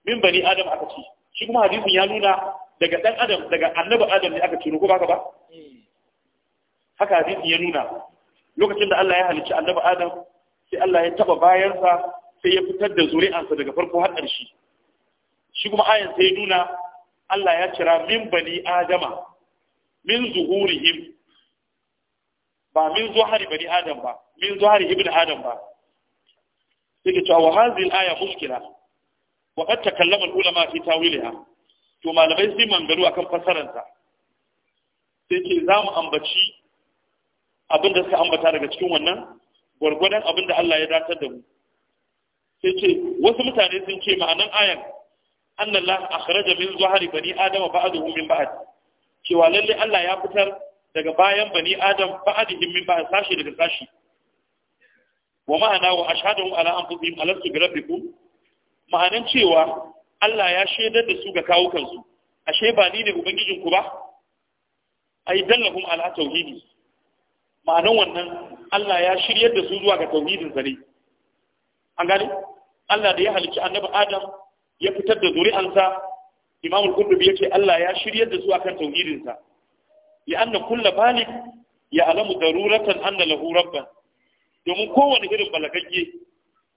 S1: min bani adam aka ce shi kuma hadisin ya nuna daga dan adam daga annabi adam ne aka ciro ko baka ba haka hadisin ya nuna lokacin da Allah ya halicci annabi adam sai Allah ya taba bayansa sai ya fitar da zuri'ansa daga farko har ƙarshe shi kuma ayan sai nuna Allah ya kira min bani adama min zuhurihim ba min zuhari bani adam ba min zuhari ibn adam ba sai ke cewa hazil aya mushkila wa qad takallama ulama fi tawilha to malamai sai mangaru akan fasararta sai ke za mu ambaci abin da suka ambata daga cikin wannan gwargwadon abin da Allah ya datar da mu sai ce wasu mutane sun ce ma'anan ayan annallah akhraja min zuhari bani adama ba'dahu min ba'd cewa lalle Allah ya fitar daga bayan bani adam ba'dihim min ba'd sashi daga sashi wa ma'ana wa ashhadu ala anfusihim alastu bi ku? ma'anan cewa Allah ya shaidar da su ga kawo kansu ashe ba ni ne ubangijin ku ba ai dallahum ala tauhidi ma'anan wannan Allah ya shiryar da su zuwa ga tauhidin sa ne an gani Allah da ya halicci annabi Adam ya fitar da zuri'ansa Imam Qurtubi yake Allah ya shiryar da su akan tauhidin sa ya anna kullu balik ya alamu daruratan anna lahu rabban domin kowane irin balagage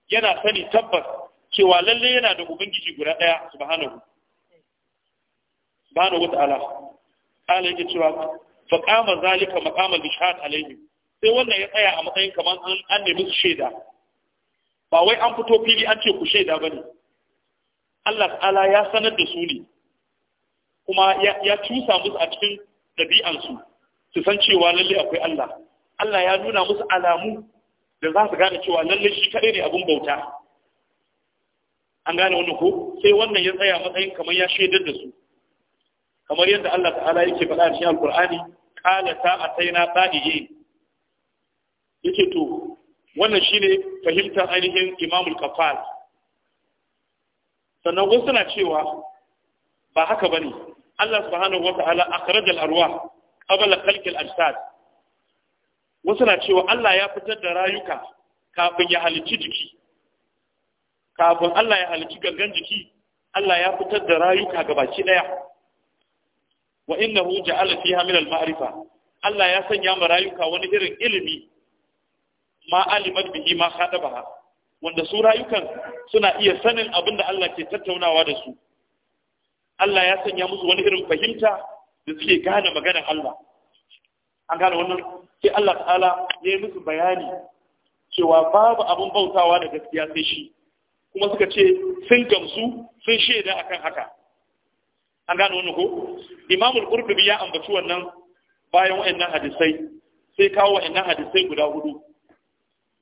S1: yana sani tabbas cewa lalle yana da ubangiji guda daya subhanahu subhanahu wata'ala Allah yake cewa fa qama zalika maqama bishad alaihi sai wannan ya tsaya a matsayin kamar an nemi shaida ba wai an fito fili an ce ku shaida ba ne Allah ta'ala ya sanar da su ne kuma ya cusa musu a cikin ɗabi'ansu su san cewa lalle akwai Allah Allah ya nuna musu alamu da za su gane cewa lalle shi kaɗai ne abin bauta an gane wani ko sai wannan ya tsaya matsayin kamar ya shaidar da su kamar yadda Allah ta'ala yake faɗa a cikin alkur'ani qala ta ataina ta'iyin yake to wannan shine fahimtar ainihin imamul kafal sannan wasu suna cewa ba haka bane Allah subhanahu wata'ala akhraj al-arwah qabla khalq al-ajsad wasu na cewa Allah ya fitar da rayuka kafin ya halicci jiki kafin Allah ya halicci gangan jiki Allah ya fitar da rayuka gabaki daya wa innahu ja'ala fiha min al-ma'rifa Allah ya sanya ma rayuka wani irin ilimi ma alimat bihi ma khadabaha wanda su rayukan suna iya sanin abin da Allah ke tattaunawa da su Allah ya sanya musu wani irin fahimta da suke gane maganar Allah an gane wannan sai Allah ta'ala ya yi musu bayani cewa babu abin bautawa da gaskiya sai shi kuma suka ce sun gamsu sun shaida akan haka an gane wannan ko imamul qurtubi ya ambaci wannan bayan wa'annan hadisai sai kawo wa'annan hadisai guda hudu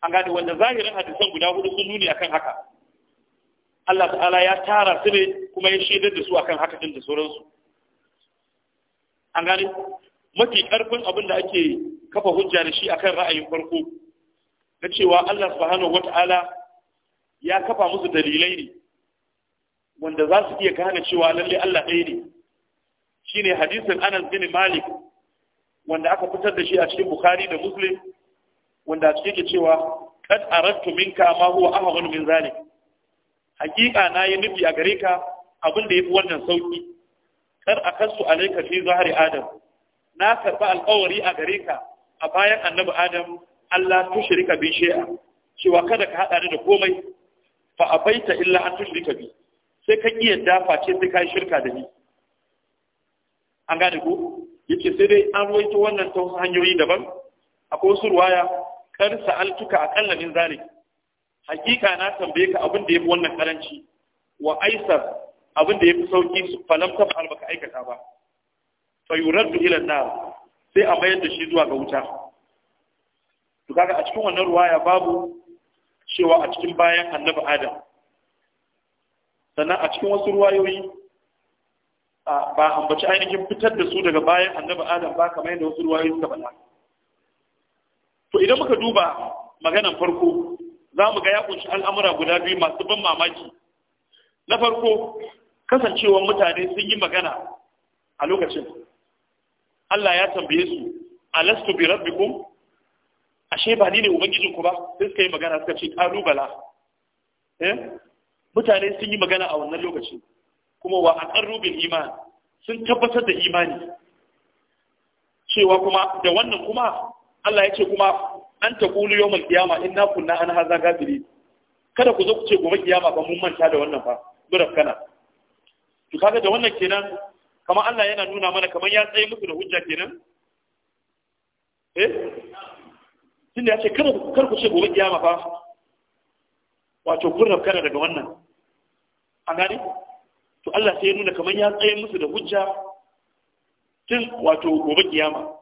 S1: an gada wanda zahirin hadisan guda hudu sun nuni akan haka Allah ta'ala ya tara su ne kuma ya shaidar da su akan haka din da sauransu an gani mafi karfin abin da ake kafa hujja da shi akan ra'ayin farko na cewa Allah subhanahu wata'ala ya kafa musu dalilai ne wanda za su iya gane cewa lalle Allah ɗaya ne shine hadisin Anas bin Malik wanda aka fitar da shi a cikin Bukhari da Muslim wanda suke ke cewa kad arattu minka ma huwa ahwanu min zalik hakika na yi nufi a gare ka abin da yafi wannan sauki kar kansu alayka fi zahri adam na karba alƙawari a gare ka a bayan annabi adam Allah tushrika bi shay'a cewa kada ka haɗa hada da komai fa abaita illa an tushrika bi sai ka iya dafa ce sai ka yi shirka da ni an gane ko yace sai dai an waito wannan ta hanyoyi daban akwai wasu ruwaya kar sa'altuka aqalla min zalik hakika na tambaye ka abin da yafi wannan karanci wa aisar abin da yafi sauki falam ta fa'al baka aikata ba fa yuraddu ila nar sai a mayar da shi zuwa ga wuta to kaga a cikin wannan ruwaya babu cewa a cikin bayan annabi adam sannan a cikin wasu ruwayoyi ba ambaci ainihin fitar da su daga bayan annabi adam ba kamar yadda wasu ruwayoyi suka bala to idan muka duba maganan farko za mu ga ya kunshi al'amura guda biyu masu ban mamaki na farko kasancewar mutane sun yi magana a lokacin Allah ya tambaye su alastu bi rabbikum ashe ba ni ne ku ba sai suka yi magana suka ce kalubala eh mutane sun yi magana a wannan lokaci kuma wa aqarru bil iman sun tabbatar da imani cewa kuma da wannan kuma Allah ya ce kuma an ta kulu yawmal in inna kunna an haza gafiri kada ku zo ku ce gobe kiyama ba mun manta da wannan fa guraf kana to kaga da wannan kenan kamar Allah yana nuna mana kamar ya tsaye musu da hujja kenan eh tunda ya ce kada kar ku ce gobe kiyama fa wato guraf kana daga wannan an gani to Allah sai ya nuna kamar ya tsaye musu da hujja tun wato gobe kiyama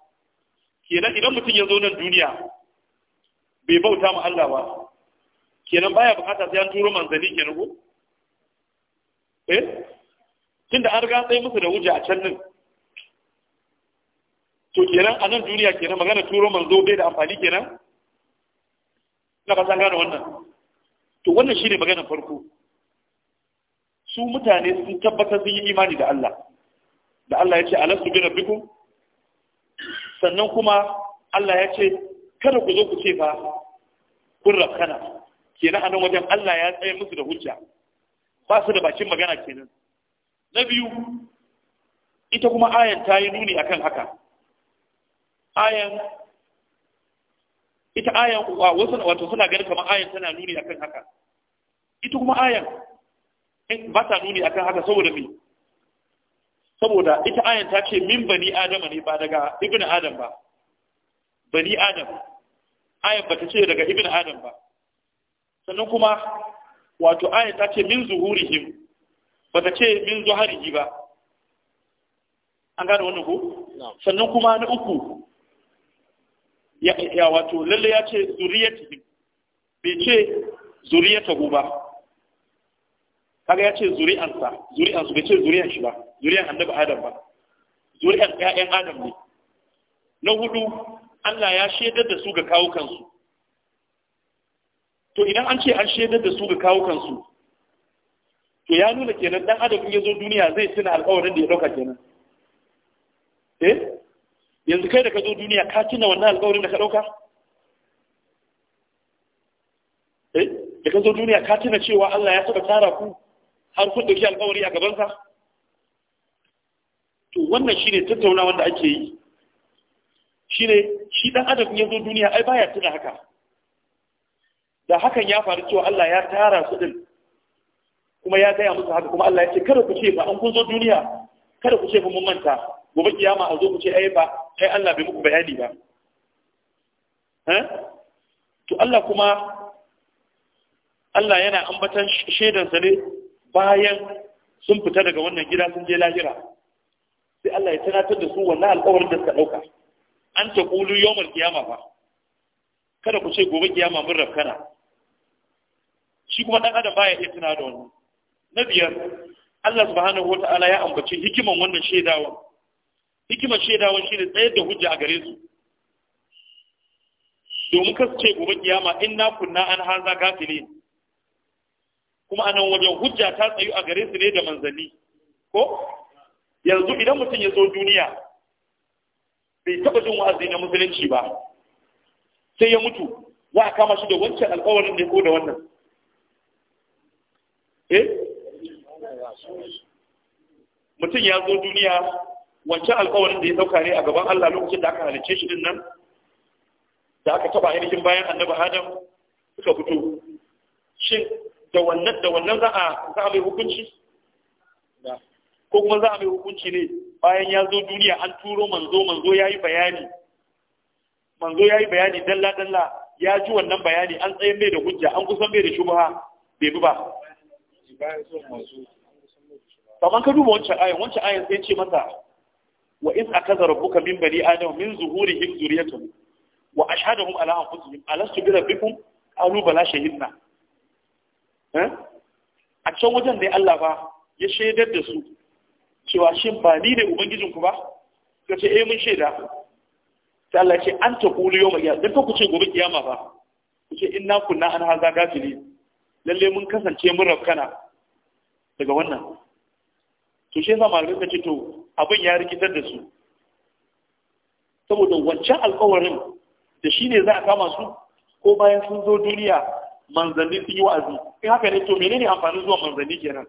S1: kenan idan mutum ya zo nan duniya bai bauta mu Allah ba kenan baya bukata sai an turo manzanni kenan ko eh tunda an riga sai musu da wuja a can nan to kenan a nan duniya kenan magana turo manzo bai da amfani kenan na kasan gane wannan to wannan shine maganar farko su mutane sun tabbatar sun yi imani da Allah da Allah ya ce alastu bi rabbikum sannan kuma Allah ya ce kada ku zo ku ce ba kun rafkana kenan a nan wajen Allah ya tsaye musu da hujja ba su da bakin magana kenan na biyu ita kuma ayan ta yi nuni akan haka ayan ita ayan wasu wato suna ganin kamar ayan tana nuni akan haka ita kuma ayan eh, ba ta nuni akan haka saboda me saboda ita ayan ta ce min bani adama ne ba daga ibn adam ba bani adam ayan ba ta ce daga ibn adam ba sannan kuma wato ayan ta ce min zuhurihim ba ta ce min zuharihi ba an gane wannan ko sannan kuma na uku ya wato lalle ya ce zuriyatihim bai ce zuriyatahu ba kaga ya ce zuri'ansa zuri'ansu bai ce zuri'an shi ba zuri'an annabi adam ba zuri'an ƴaƴan adam ne na hudu Allah ya shaidar da su ga kawo kansu to idan an ce an shaidar da su ga kawo kansu to ya nuna kenan dan adam in ya zo duniya zai tuna alƙawarin da ya ɗauka kenan eh yanzu kai da ka zo duniya ka tuna wannan alƙawarin da ka ɗauka eh da ka zo duniya ka tuna cewa Allah ya saba tara ku har kun dauki alƙawari a gabansa to wannan shine tattauna wanda ake yi shine shi ɗan adam ya zo duniya ai baya tuna haka da hakan ya faru cewa Allah ya tara su din kuma ya gaya musu haka kuma Allah ya ce kada ku ce ba an kun zo duniya kada ku ce ba mun manta gobe kiyama a zo ku ce ai ba ai Allah bai muku bayani ba eh? to Allah kuma Allah yana ambatan shaidansa ne bayan sun fita daga wannan gida sun je lahira sai Allah ya tunatar da su wannan alƙawarin da suka ɗauka an ta ƙulu yawmar kiyama fa kada ku ce gobe kiyama mun rafkana shi kuma ɗan adam baya iya tuna da wannan na biyar Allah subhanahu wa ta'ala ya ambaci hikiman wannan shaidawan hikimar shaidawan shine tsayar da hujja a gare su domin kasu ce gobe kiyama in na kunna an haza gafilin kuma nan wajen hujja ta tsayu a gare su ne da manzanni ko yanzu idan mutum ya zo duniya bai taba jin wa'azi na musulunci ba sai ya mutu za a kama shi da wancan alkawarin ne ko da wannan eh mutum ya zo duniya wancan alkawarin da ya dauka ne a gaban Allah lokacin da aka halicce shi din nan da aka taba ainihin bayan annabi Adam suka fito shin da wannan da wannan za a za a mai hukunci ko kuma za a mai hukunci ne bayan ya zo duniya an turo manzo manzo ya yi bayani manzo ya yi bayani dalla dalla ya ji wannan bayani an tsaye mai da hujja an kusan mai da shubha bai bi ba kamar ka duba wancan ayan wancan ayan sai ce masa wa iz akaza rabbuka min bani adam min zuhurihim zuriyatuhum wa ashhadahum ala anfusihim alastu bi rabbikum qalu bala shahidna Eh? a can wajen dai Allah ba ya shaidar da su cewa shi ba ni ne ubangijinku ba ka ce eh mun shaida sai Allah ce an ta kulu yau mai dan ku ce gobe kiyama ba ku ce inna kunna an haza gafili lalle mun kasance mun rafkana daga wannan to shi yasa malamai ka ce to abin ya rikitar da su saboda wancan alkawarin da shi ne za a kama su ko bayan sun zo duniya manzanni sun yi wa'azi in haka ne to menene amfanin zuwa manzanni kenan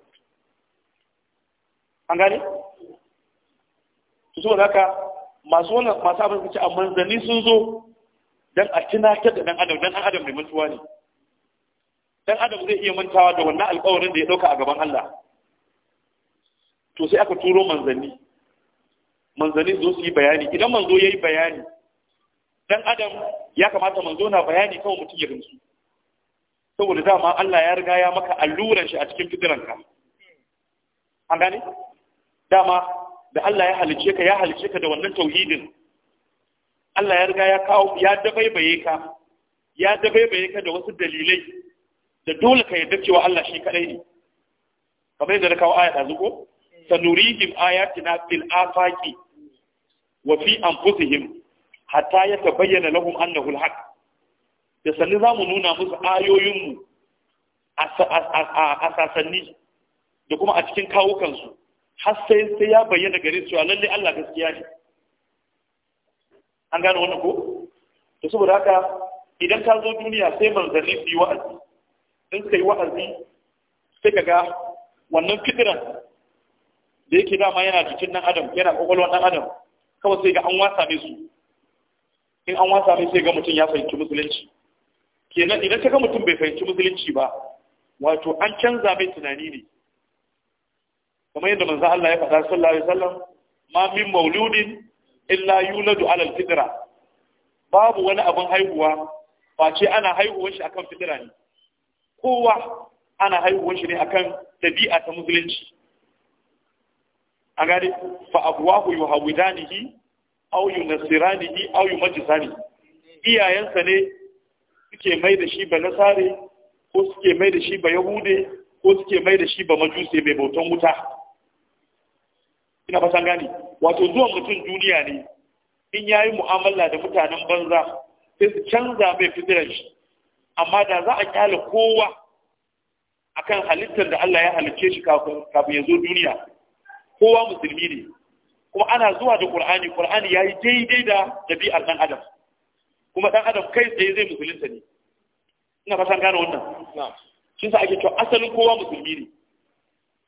S1: an gane su da haka masu wannan masu abin ce a manzanni sun zo dan a tunatar da dan adam dan adam mai mantuwa ne dan adam zai iya mantawa da wannan alƙawarin da ya dauka a gaban Allah to sai aka turo manzanni manzanni zo su yi bayani idan manzo yayi bayani dan adam ya kamata manzo na bayani kawai mutum ya gamsu saboda dama Allah ya riga ya maka alluran shi a cikin fitiranka an gane dama da Allah ya halice ka ya halice ka da wannan tauhidin Allah ya riga ya kawo ya dabaibaye ka ya dabaibaye ka da wasu dalilai da dole ka yarda cewa Allah shi kadai ne kamar yadda na kawo aya ɗazu ko sanurihim ayatina fil afaqi wa fi anfusihim hatta yatabayyana lahum annahu al-haqq da sannu za mu nuna musu ayoyinmu a sasanni da kuma a cikin kawukansu har sai sai ya bayyana gare su lalle Allah gaskiya ne an gane wannan ko Da saboda haka idan ka zo duniya sai manzanni su yi wa'azi in ka yi wa'azi sai ka ga wannan fitiran da yake dama yana jikin nan adam yana kwakwalwar nan adam kawai sai ga an wasa mai su in an wasa mai sai ga mutum ya fahimci musulunci kenan idan ga mutum bai fahimci musulunci ba wato an canza mai tunani ne kamar yadda manzo Allah ya faɗa sallallahu alaihi wasallam ma min mauludin illa yuladu alal fitra babu wani abin haihuwa face ana haihuwar shi akan fitra ne kowa ana haihuwar shi ne akan dabi'a ta musulunci a gane fa abuwahu yuhawidanihi aw yunasiranihi aw yumajisani iyayensa ne suke mai da shi ba nasare ko suke mai da shi ba yahude ko suke mai da shi ba majuse mai bautan wuta ina fatan gani wato zuwan mutum duniya ne in ya yi mu'amala da mutanen banza sai su canza mai fitiran shi amma da za a kyale kowa akan halittar da Allah ya halicce shi kafin ya zo duniya kowa musulmi ne kuma ana zuwa da ƙur'ani, ƙur'ani ya yi daidai da ɗabi'ar ɗan adam kuma dan adam kai tsaye zai musulunta ne ina fatan gane wannan shi sa ake cewa asalin kowa musulmi ne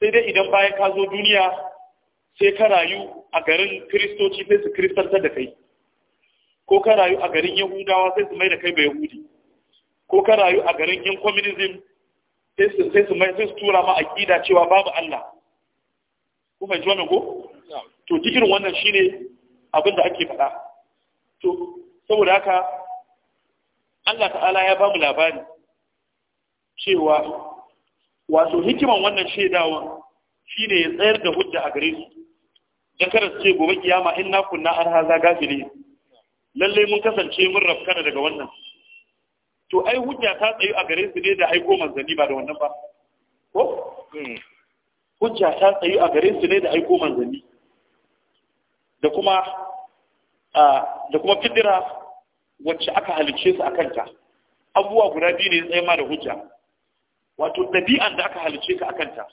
S1: sai dai idan bayan ka zo duniya sai ka rayu a garin kiristoci sai su kristantar da kai ko ka rayu a garin yahudawa sai su mai da kai ba yahudi ko ka rayu a garin yan communism sai su sai su mai sai su tura ma aqida cewa babu Allah ku mai wannan ko to cikin wannan shine abin da ake faɗa to saboda haka Allah ta'ala ya bamu labari cewa wato hikiman wannan shaidawan shine ya tsayar da hujja a gare su dan ce gobe kiyama na kunna har haza gafili lalle mun kasance mun rafkana daga wannan to ai hujja ta tsayu a gare su ne da aiko manzanni ba da wannan ba ko hmm. hujja ta tsayu a gare su ne da aiko manzanni da kuma da kuma fidira wacce aka halicce su a kanta abubuwa guda biyu ne tsaye ma da hujja wato ɗabi'an da aka halicce ka a kanta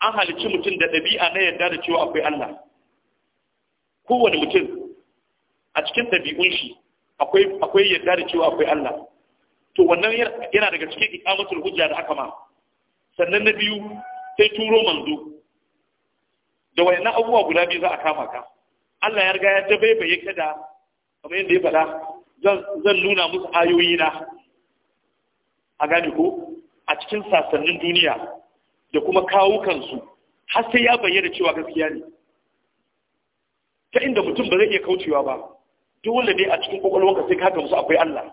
S1: an halicci mutum da ɗabi'a na yarda da cewa akwai Allah kowane mutum a cikin ɗabi'un shi akwai yarda da cewa akwai Allah to wannan yana daga cikin iqamatul hujja da aka ma sannan na biyu sai turo manzo da wayannan abubuwa guda biyu za a kama ka Allah ya riga ya tabbaye ka da kamar yadda ya faɗa zan nuna musu ayoyi na a gane ko a cikin sasannin duniya da kuma kawo kansu har sai ya bayyana cewa gaskiya ne ta inda mutum ba zai iya kaucewa ba dole ne a cikin ka sai ka gamsu akwai Allah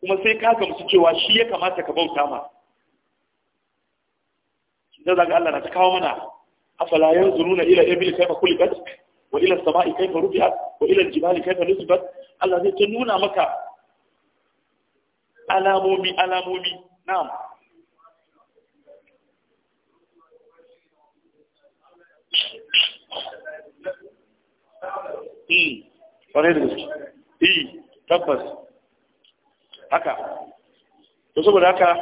S1: kuma sai ka gamsu cewa shi ya kamata ka bauta ma da zaga Allah na ta kawo mana afala yanzuruna ila ibil kayfa khuliqat ila السماء كيف رفعت وإلى الجبال كيف jibali kaifa nusibat Allah ta nuna maka alamomi alamomi na'am ƙwarai da gaske to saboda haka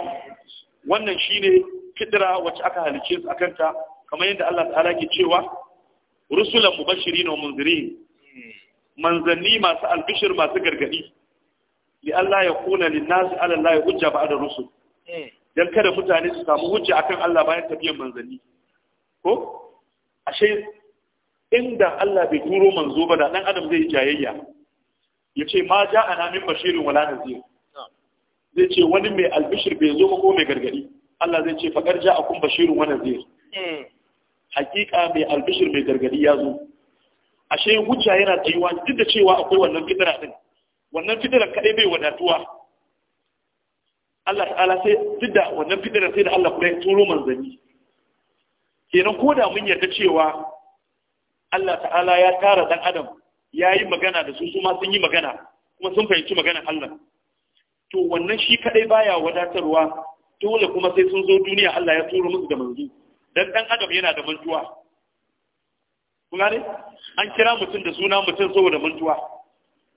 S1: wannan shine kidira wacce aka halice su akanta kamar yadda Allah ta'ala ke cewa rusulan mubashirin wa munzirin manzanni masu albishir masu gargadi li Allah ya kula lin nas ala Allah hujja da rusul hmm. dan kada mutane su samu hujja akan Allah bayan tafiyar manzanni ko ashe inda Allah bai turo manzo ba da dan adam zai jayayya ya ce ma ja ana min bashirin wala nazir zai ce wani mai albishir bai zo ba ko mai gargadi Allah zai ce fa ja akun bashirin wala nazir hmm. hakika mai albishir mai gargadi ya zo ashe hujja yana tsayuwa duk da cewa akwai wannan fitira din wannan fitira kadai bai wadatuwa Allah ta'ala sai duk da wannan fitira sai da Allah kuma ya turo manzanni kenan ko da mun yarda cewa Allah ta'ala ya tara dan adam ya yi magana da su su ma sun yi magana kuma sun fahimci maganar Allah to wannan shi kadai baya wadatarwa dole kuma sai sun zo duniya Allah ya turo musu da manzo dan dan adam yana da mantuwa kun gane an kira mutum da suna mutum saboda mantuwa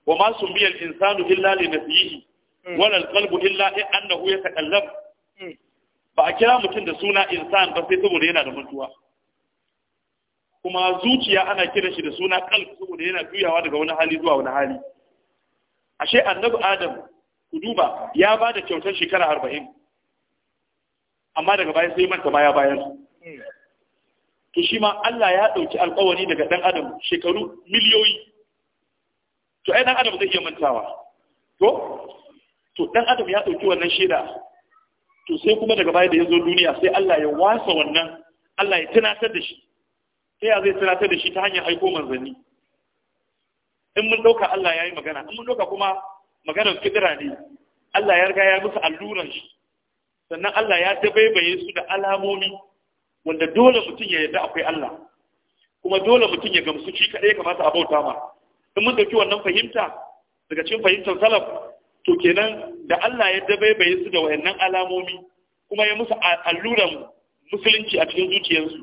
S1: wa ma sumbiya al-insanu illa li nafsihi hmm. wala al-qalbu illa annahu yatakallam hmm. ba a kira mutum da suna insan ba sai saboda yana da mantuwa kuma zuciya ana kira shi da suna kalb saboda yana juyawa daga wani hali zuwa wani hali ashe annabi adam ku duba ya ba da kyautar shekara arba'in amma daga baya sai manta baya bayan to shi ma Allah ya ɗauki alƙawari daga ɗan adam shekaru miliyoyi to ai ɗan adam zai iya mantawa to to ɗan adam ya ɗauki wannan shaida to sai kuma daga baya da ya zo duniya sai Allah ya wasa wannan Allah ya tunatar da shi ta ya zai tunatar da shi ta hanyar aiko manzanni in mun ɗauka Allah ya yi magana in mun ɗauka kuma maganar kidira ne Allah ya riga ya musu alluran shi sannan Allah ya dabaibaye su da alamomi wanda dole mutum ya yarda akwai Allah kuma dole mutum ya gamsu shi kaɗai kamata a abauta ma in mun dauki wannan fahimta daga cikin fahimtar salaf to kenan da Allah ya dabaibaye su da wayannan alamomi kuma ya musu alluran musulunci a cikin zuciyarsu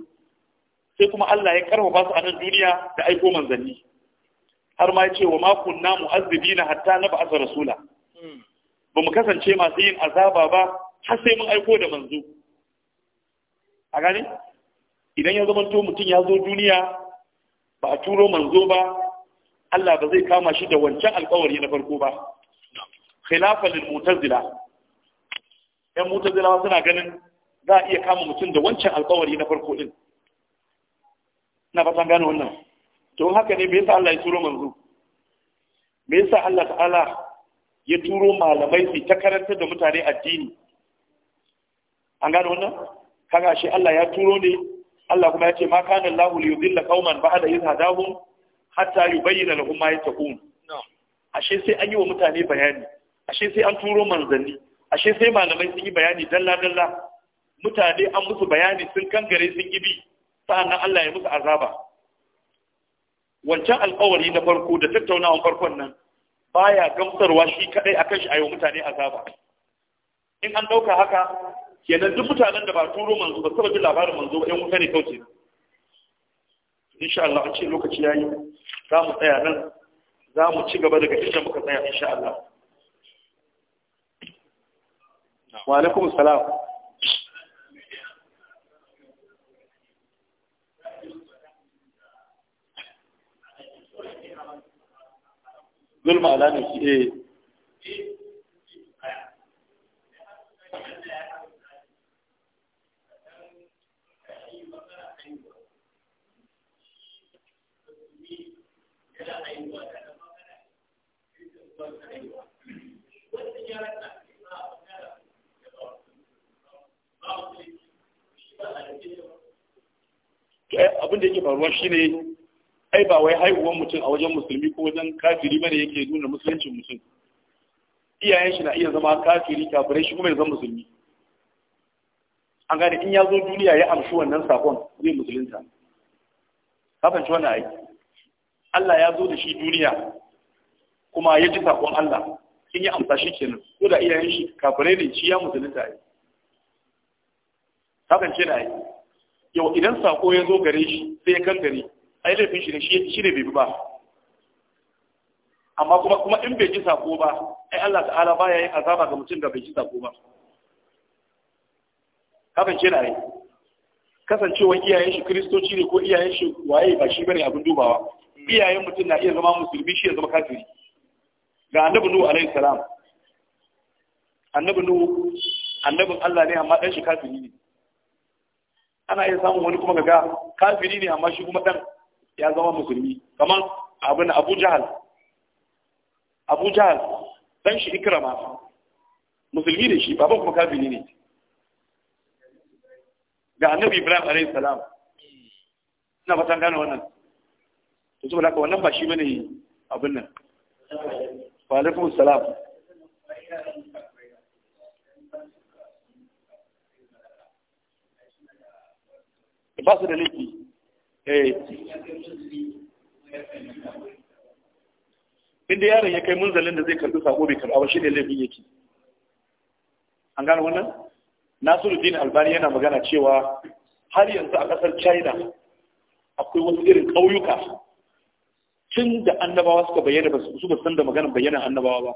S1: sai kuma Allah ya karfafa su a nan duniya da aiko manzanni har ma ya ce wa makon namu na hatta na ba'asa rasula hmm. ba mu kasance masu yin azaba ba har sai mun aiko da manzo a gane idan ya zama to mutum ya zo duniya ba a turo manzo ba Allah ba zai kama shi da wancan alkawari na farko ba khilafa lil mutazila yan mutazila suna ganin za a iya kama mutum da wancan alkawari na farko din na fatan gane wannan to haka ne me yasa Allah ya turo manzo me yasa Allah ta'ala ya turo malamai su ta karantar da mutane addini an gane wannan kaga shi Allah ya turo ne Allah kuma ya ce ma kana Allahu li yudilla qauman ba'da idh hadahum hatta yubayyana lahum ma yattaqun ashe sai an yi wa mutane bayani ashe sai an turo manzanni ashe sai malamai sun yi bayani dalla dalla mutane an musu bayani sun kangare sun gibi sa'annan Allah ya musu azaba wancan alƙawari na farko da tattaunawan farkon nan baya gamsarwa shi kadai akan shi ayo mutane azaba in an ɗauka haka kenan duk mutanen da ba turo manzo ba saboda labarin manzo ba yan wuta ne kauce insha Allah a ce lokaci yayi za mu tsaya nan za mu ci gaba daga inda muka tsaya insha Allah wa alaikum salam zulma ala ne eh faruwa ne ai ba wai haihuwar mutum a wajen musulmi ko wajen kafiri bane yake nuna musuluncin mutum iyayen shi na iya zama kafiri kafirai shi kuma ya zama musulmi an gane in ya zo duniya ya amshi wannan sakon zai musulunta kafin shi wannan aiki Allah ya zo da shi duniya kuma ya ji sakon Allah in ya amsa shi kenan ko da iyayen shi kafirai ne shi ya musulunta aiki kafin shi na aiki yau idan sako ya zo gare shi sai ya kankare yi laifin shi ne shi ne bai bi ba amma kuma kuma in bai ji sako ba ai Allah ta'ala baya yin azaba ga mutum da bai ji sako ba kafin ce na yi kasancewar iyayen shi kristoci ne ko iyayen shi waye ba shi bane abin dubawa iyayen mutum na iya zama musulmi shi ya zama kafiri ga annabi nuhu alaihi salam annabi nuhu annabin Allah ne amma dan shi kafiri ne ana iya samun wani kuma kaga kafiri ne amma shi kuma dan ya zama musulmi kamar abin abu jahal abu jahal dan shi ikrama musulmi ne shi baban kuma kafiri ne ga annabi ibrahim alayhi salam ina fatan gane wannan to saboda haka wannan ba shi bane abin nan wa alaikum salam ba su da laifi eh inda yaron ya kai munzalin da zai karbi sako bai karba ba shi ne laifin yake an gano wannan nasiruddin albani yana magana cewa har yanzu a kasar china akwai wasu irin ƙauyuka tun da annabawa suka bayyana ba su san da maganar bayyana annabawa ba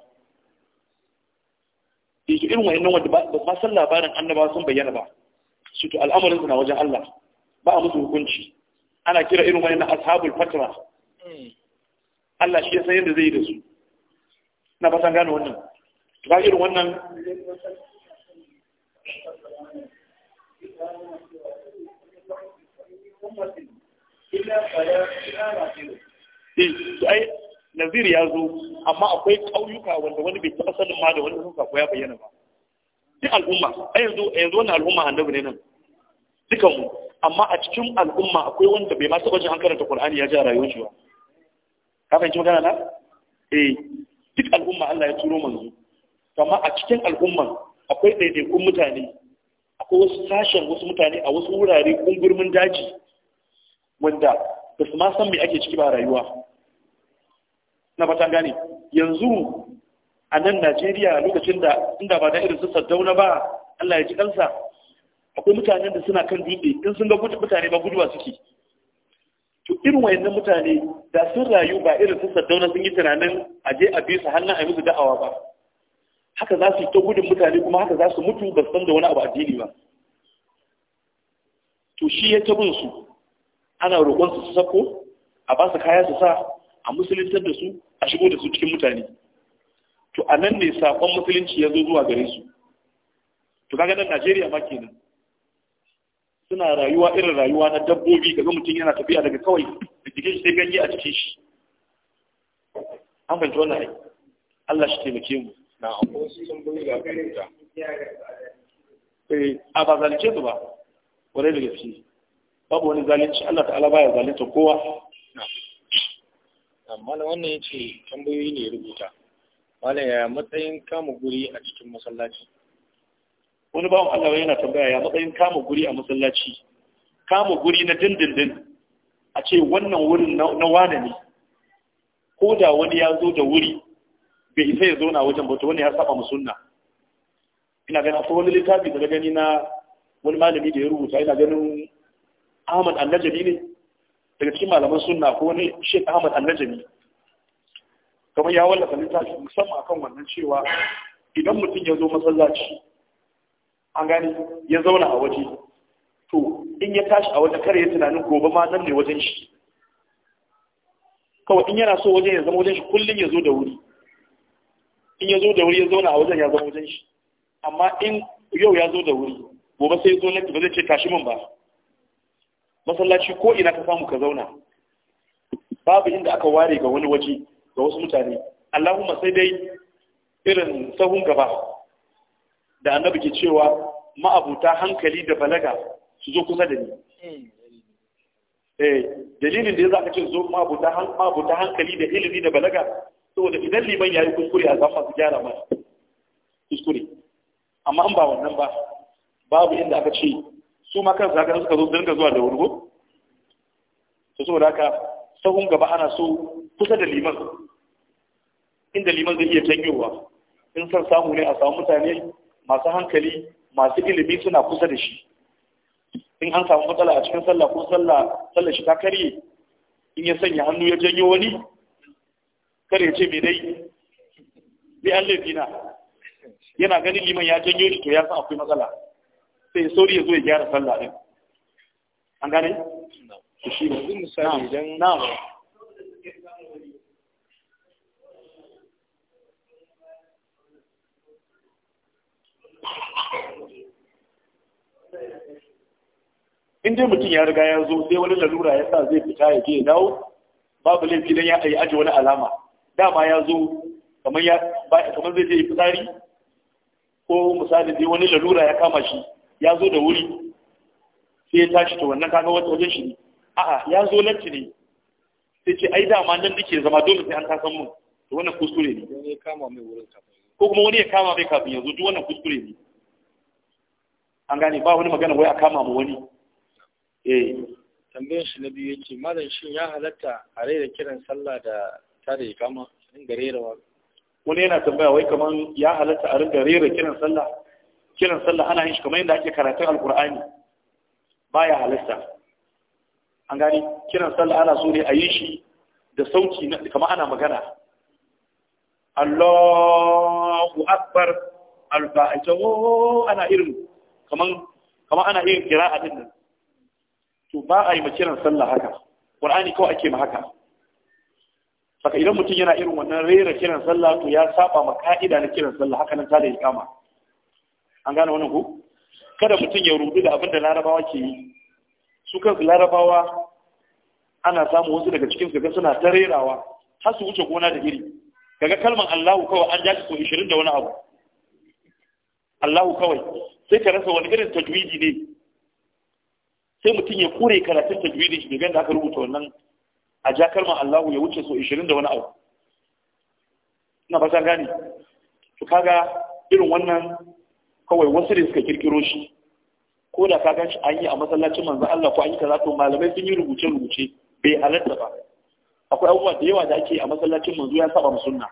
S1: irin nan wanda ba san labarin annabawa sun bayyana ba su to al'amarin na wajen Allah ba a musu hukunci ana kira irin wani na ashabul fatra hmm. Allah shi ya san yadda zai yi da su na ba san gane wannan ba irin wannan eh, ai nazir ya zo amma akwai ƙauyuka wanda wani bai taɓa sanin ma da wani sun ya bayyana ba duk al'umma a yanzu wani wannan al'umma annabi ne nan dukanmu amma a cikin al'umma akwai wanda bai ma taɓa jin an karanta Qur'ani ya ji a rayuwar shi ba ka fahimci magana na eh duk al'umma Allah ya turo manzo amma a cikin al'umman akwai ɗaiɗaikun mutane akwai wasu sashen wasu mutane a wasu wurare kungurmin daji wanda ba su ma san me ake ciki ba rayuwa na ba gane yanzu a nan Najeriya lokacin da inda ba da irin su Saddauna ba Allah ya ji kansa akwai mutanen da suna kan dutse in sun ga mutane ba guduwa suke to irin wayannan mutane da sun rayu ba irin sun saddauna sun yi tunanin aje a bi hannun a musu da'awa ba haka za su yi ta gudun mutane kuma haka za su mutu ba san da wani abu addini ba to shi ya ta bin su ana roƙon su su sako a ba su kaya su sa a musuluntar da su a shigo da su cikin mutane to a nan ne saƙon musulunci ya zo zuwa gare su to kaga nan Najeriya ma kenan suna rayuwa irin rayuwa na dabbobi ga mutum yana tafiya daga kawai da jikin shi sai ganye a cikin shi an fahimci wannan ai Allah shi taimake mu na akwai sun bai ga karinta eh a ba zalunce su ba wani da gaske babu wani zalunci Allah ta'ala baya zalunta kowa amma wannan ce tambayoyi ne rubuta malam ya matsayin kama guri a cikin masallaci wani bawan Allah yana tambaya ya matsayin kama guri a masallaci kama guri na dindindin a ce wannan wurin na wane ne ko da wani ya zo da wuri bai isa ya zauna wajen bauta wani ya saba musunna ina ganin akwai wani littafi da gani na wani malami da ya rubuta ina ganin Ahmad Annajami ne daga cikin malaman sunna ko wani Sheikh Ahmad Annajami kamar ya wallafa littafi musamman akan wannan cewa idan mutum ya zo masallaci an gani ya zauna a waje to in ya tashi a waje kare ya tunanin gobe ma nan ne wajen shi kawai in yana so wajen ya zama wajen shi kullum ya zo da wuri in ya zo da wuri ya zauna a wajen ya zama wajen shi amma in yau ya zo da wuri gobe sai zo lantarki ba zai ce tashi min ba masallaci ko ina ka samu ka zauna babu inda aka ware ga wani waje ga wasu mutane allahumma sai dai irin sahun gaba da annabi ke cewa ma'abuta hankali da balaga su zo kusa da ni eh dalilin da ya zaka ce zo ma'abuta ma'abuta hankali da ilimi da balaga saboda idan liman yayi kuskure a zama su gyara masa kuskure amma an ba wannan ba babu inda aka ce su ma kansu haka suka zo dinga zuwa da wurgo to saboda haka sahun gaba ana so kusa da liman inda liman zai iya janyowa in san samu ne a samu mutane masu hankali masu ilimi suna kusa da shi in an samu matsala a cikin sallah ko sallah sallah shi ta karye in ya sanya hannu ya janyo wani kare ce me dai bi an laifina yana ganin liman ya janyo shi to ya san akwai matsala sai sauri ya zo ya gyara sallah din an gane shi ne misali idan na in dai mutum ya riga ya zo sai wani lalura ya sa zai fita ya je dawo babu laifi don ya ayi aji wani alama dama ya zo kamar ya kamar zai je ya fitsari ko misali dai wani lalura ya kama shi ya zo da wuri sai ya tashi ta, wannan kaga wata wajen shi a'a ya zo latti ne sai ce ai dama nan duke zama dole sai an tasan mun to wannan kuskure ne ya kama mai wurin kafa. ko kuma wani ya kama bai kafin yanzu duk wannan kuskure ne an gane ba wani magana wai a kama mu wani eh tambayar shi na biyu yace malam shin ya halatta a rera kiran sallah da tare kama in gare rawa wani yana tambaya wai kaman ya halatta a ringa rera kiran sallah kiran sallah ana yin shi kamar yadda ake karatun alkur'ani baya halatta an gani kiran sallah ana so ne a yi shi da sauti kamar ana magana Allahu akbar alfa ita wo oh, oh, ana irin kaman kaman ana irin kira'a din nan to ba a yi makiran sallah haka qur'ani kawai ake ma haka saka idan mutum yana irin wannan rera kiran sallah to ya saba ma ka'ida na kiran sallah haka nan ta da ikama an gane wannan ku kada mutum ya rubuta da abin da larabawa ke yi su kansu larabawa ana samu wasu daga cikin su ga suna ta rerawa har su wuce gona da iri kaga kalmar Allahu kawai an ja ko 20 da wani abu Allahu kawai sai ka rasa wani irin tajwidi ne sai mutum ya kure karatun tajwidi shi daga aka rubuta wannan a ja kalmar Allahu ya wuce so 20 da wani abu ina ba san gane to kaga irin wannan kawai wasu ne suka kirkiro shi ko da ka gan an yi a masallacin manzo Allah ko an yi kaza to malamai sun yi rubuce rubuce bai halatta ba akwai abubuwa da yawa da ake a masallacin manzo ya saba sunna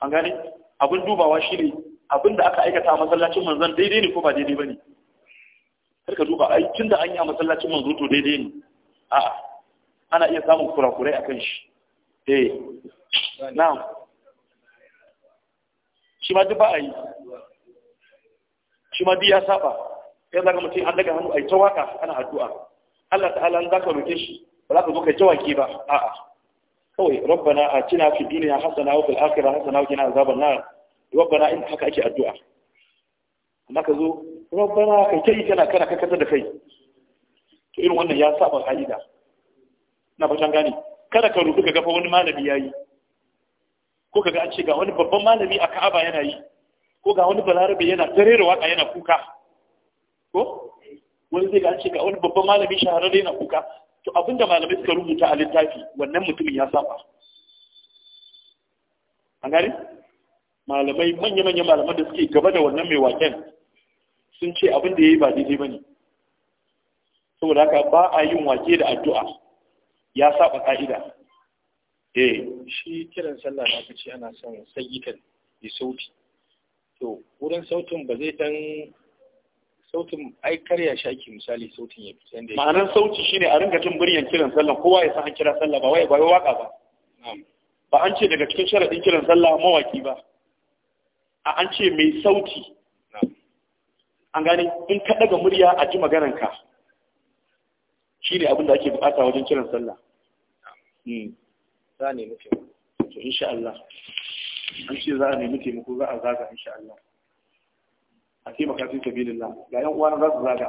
S1: an gane abin dubawa shi ne abin da aka aikata a masallacin manzon daidai ne ko ba daidai ba ne ka duba ai tun da an yi a masallacin manzo to daidai ne a'a ana iya samun kurakurai a kan shi eh na'am shi ma duk ba a yi shi ma duk ya saba sai zaka mutum an daga hannu ai ta waka ana addu'a Allah ta'ala za ka roke shi ba za ka zo ka kai jawaki ba a'a kawai rabbana atina fi dunya hasana wa fil akhirati hasana wa qina azaban nar rabbana in haka ake addu'a amma ka zo rabbana kai kai kana kana kakata da kai to irin wannan ya saba ka'ida na fatan gane kada ka rubuta gafa wani malami yayi ko kaga an ce ga wani babban malami a Ka'aba yana yi ko ga wani balarabe yana tarera waka yana kuka ko wani zai ga an ce ga wani babban malami shahararre yana kuka to abinda malamai suka rubuta a littafi wannan mutumin ya saba an gari? malamai manya-manyan malamai da suke gaba da wannan mai waken sun ce abin da ya yi ba daidai ba ne saboda haka ba a yin wake da addu'a ya saba ka'ida eh shi kiran sallah da aka ce ana son sayyitan da sauti to wurin sautin ba zai dan sautin ai karya shaki misali sautin ya fita da ma'anar sauti shine a ringa jin muryan kiran sallah kowa ya san an kira sallah ba wai ba waka ba ba an ce daga cikin sharadin kiran sallah mawaki ba a an ce mai sauti an gane in ka daga murya a ji maganar ka shine abin da ake bukata wajen kiran sallah hmm. za a nemi taimako to insha Allah an ce za a nemi taimako za a zaga insha Allah a taimaka fi sabilillah ga yan uwa za su zaga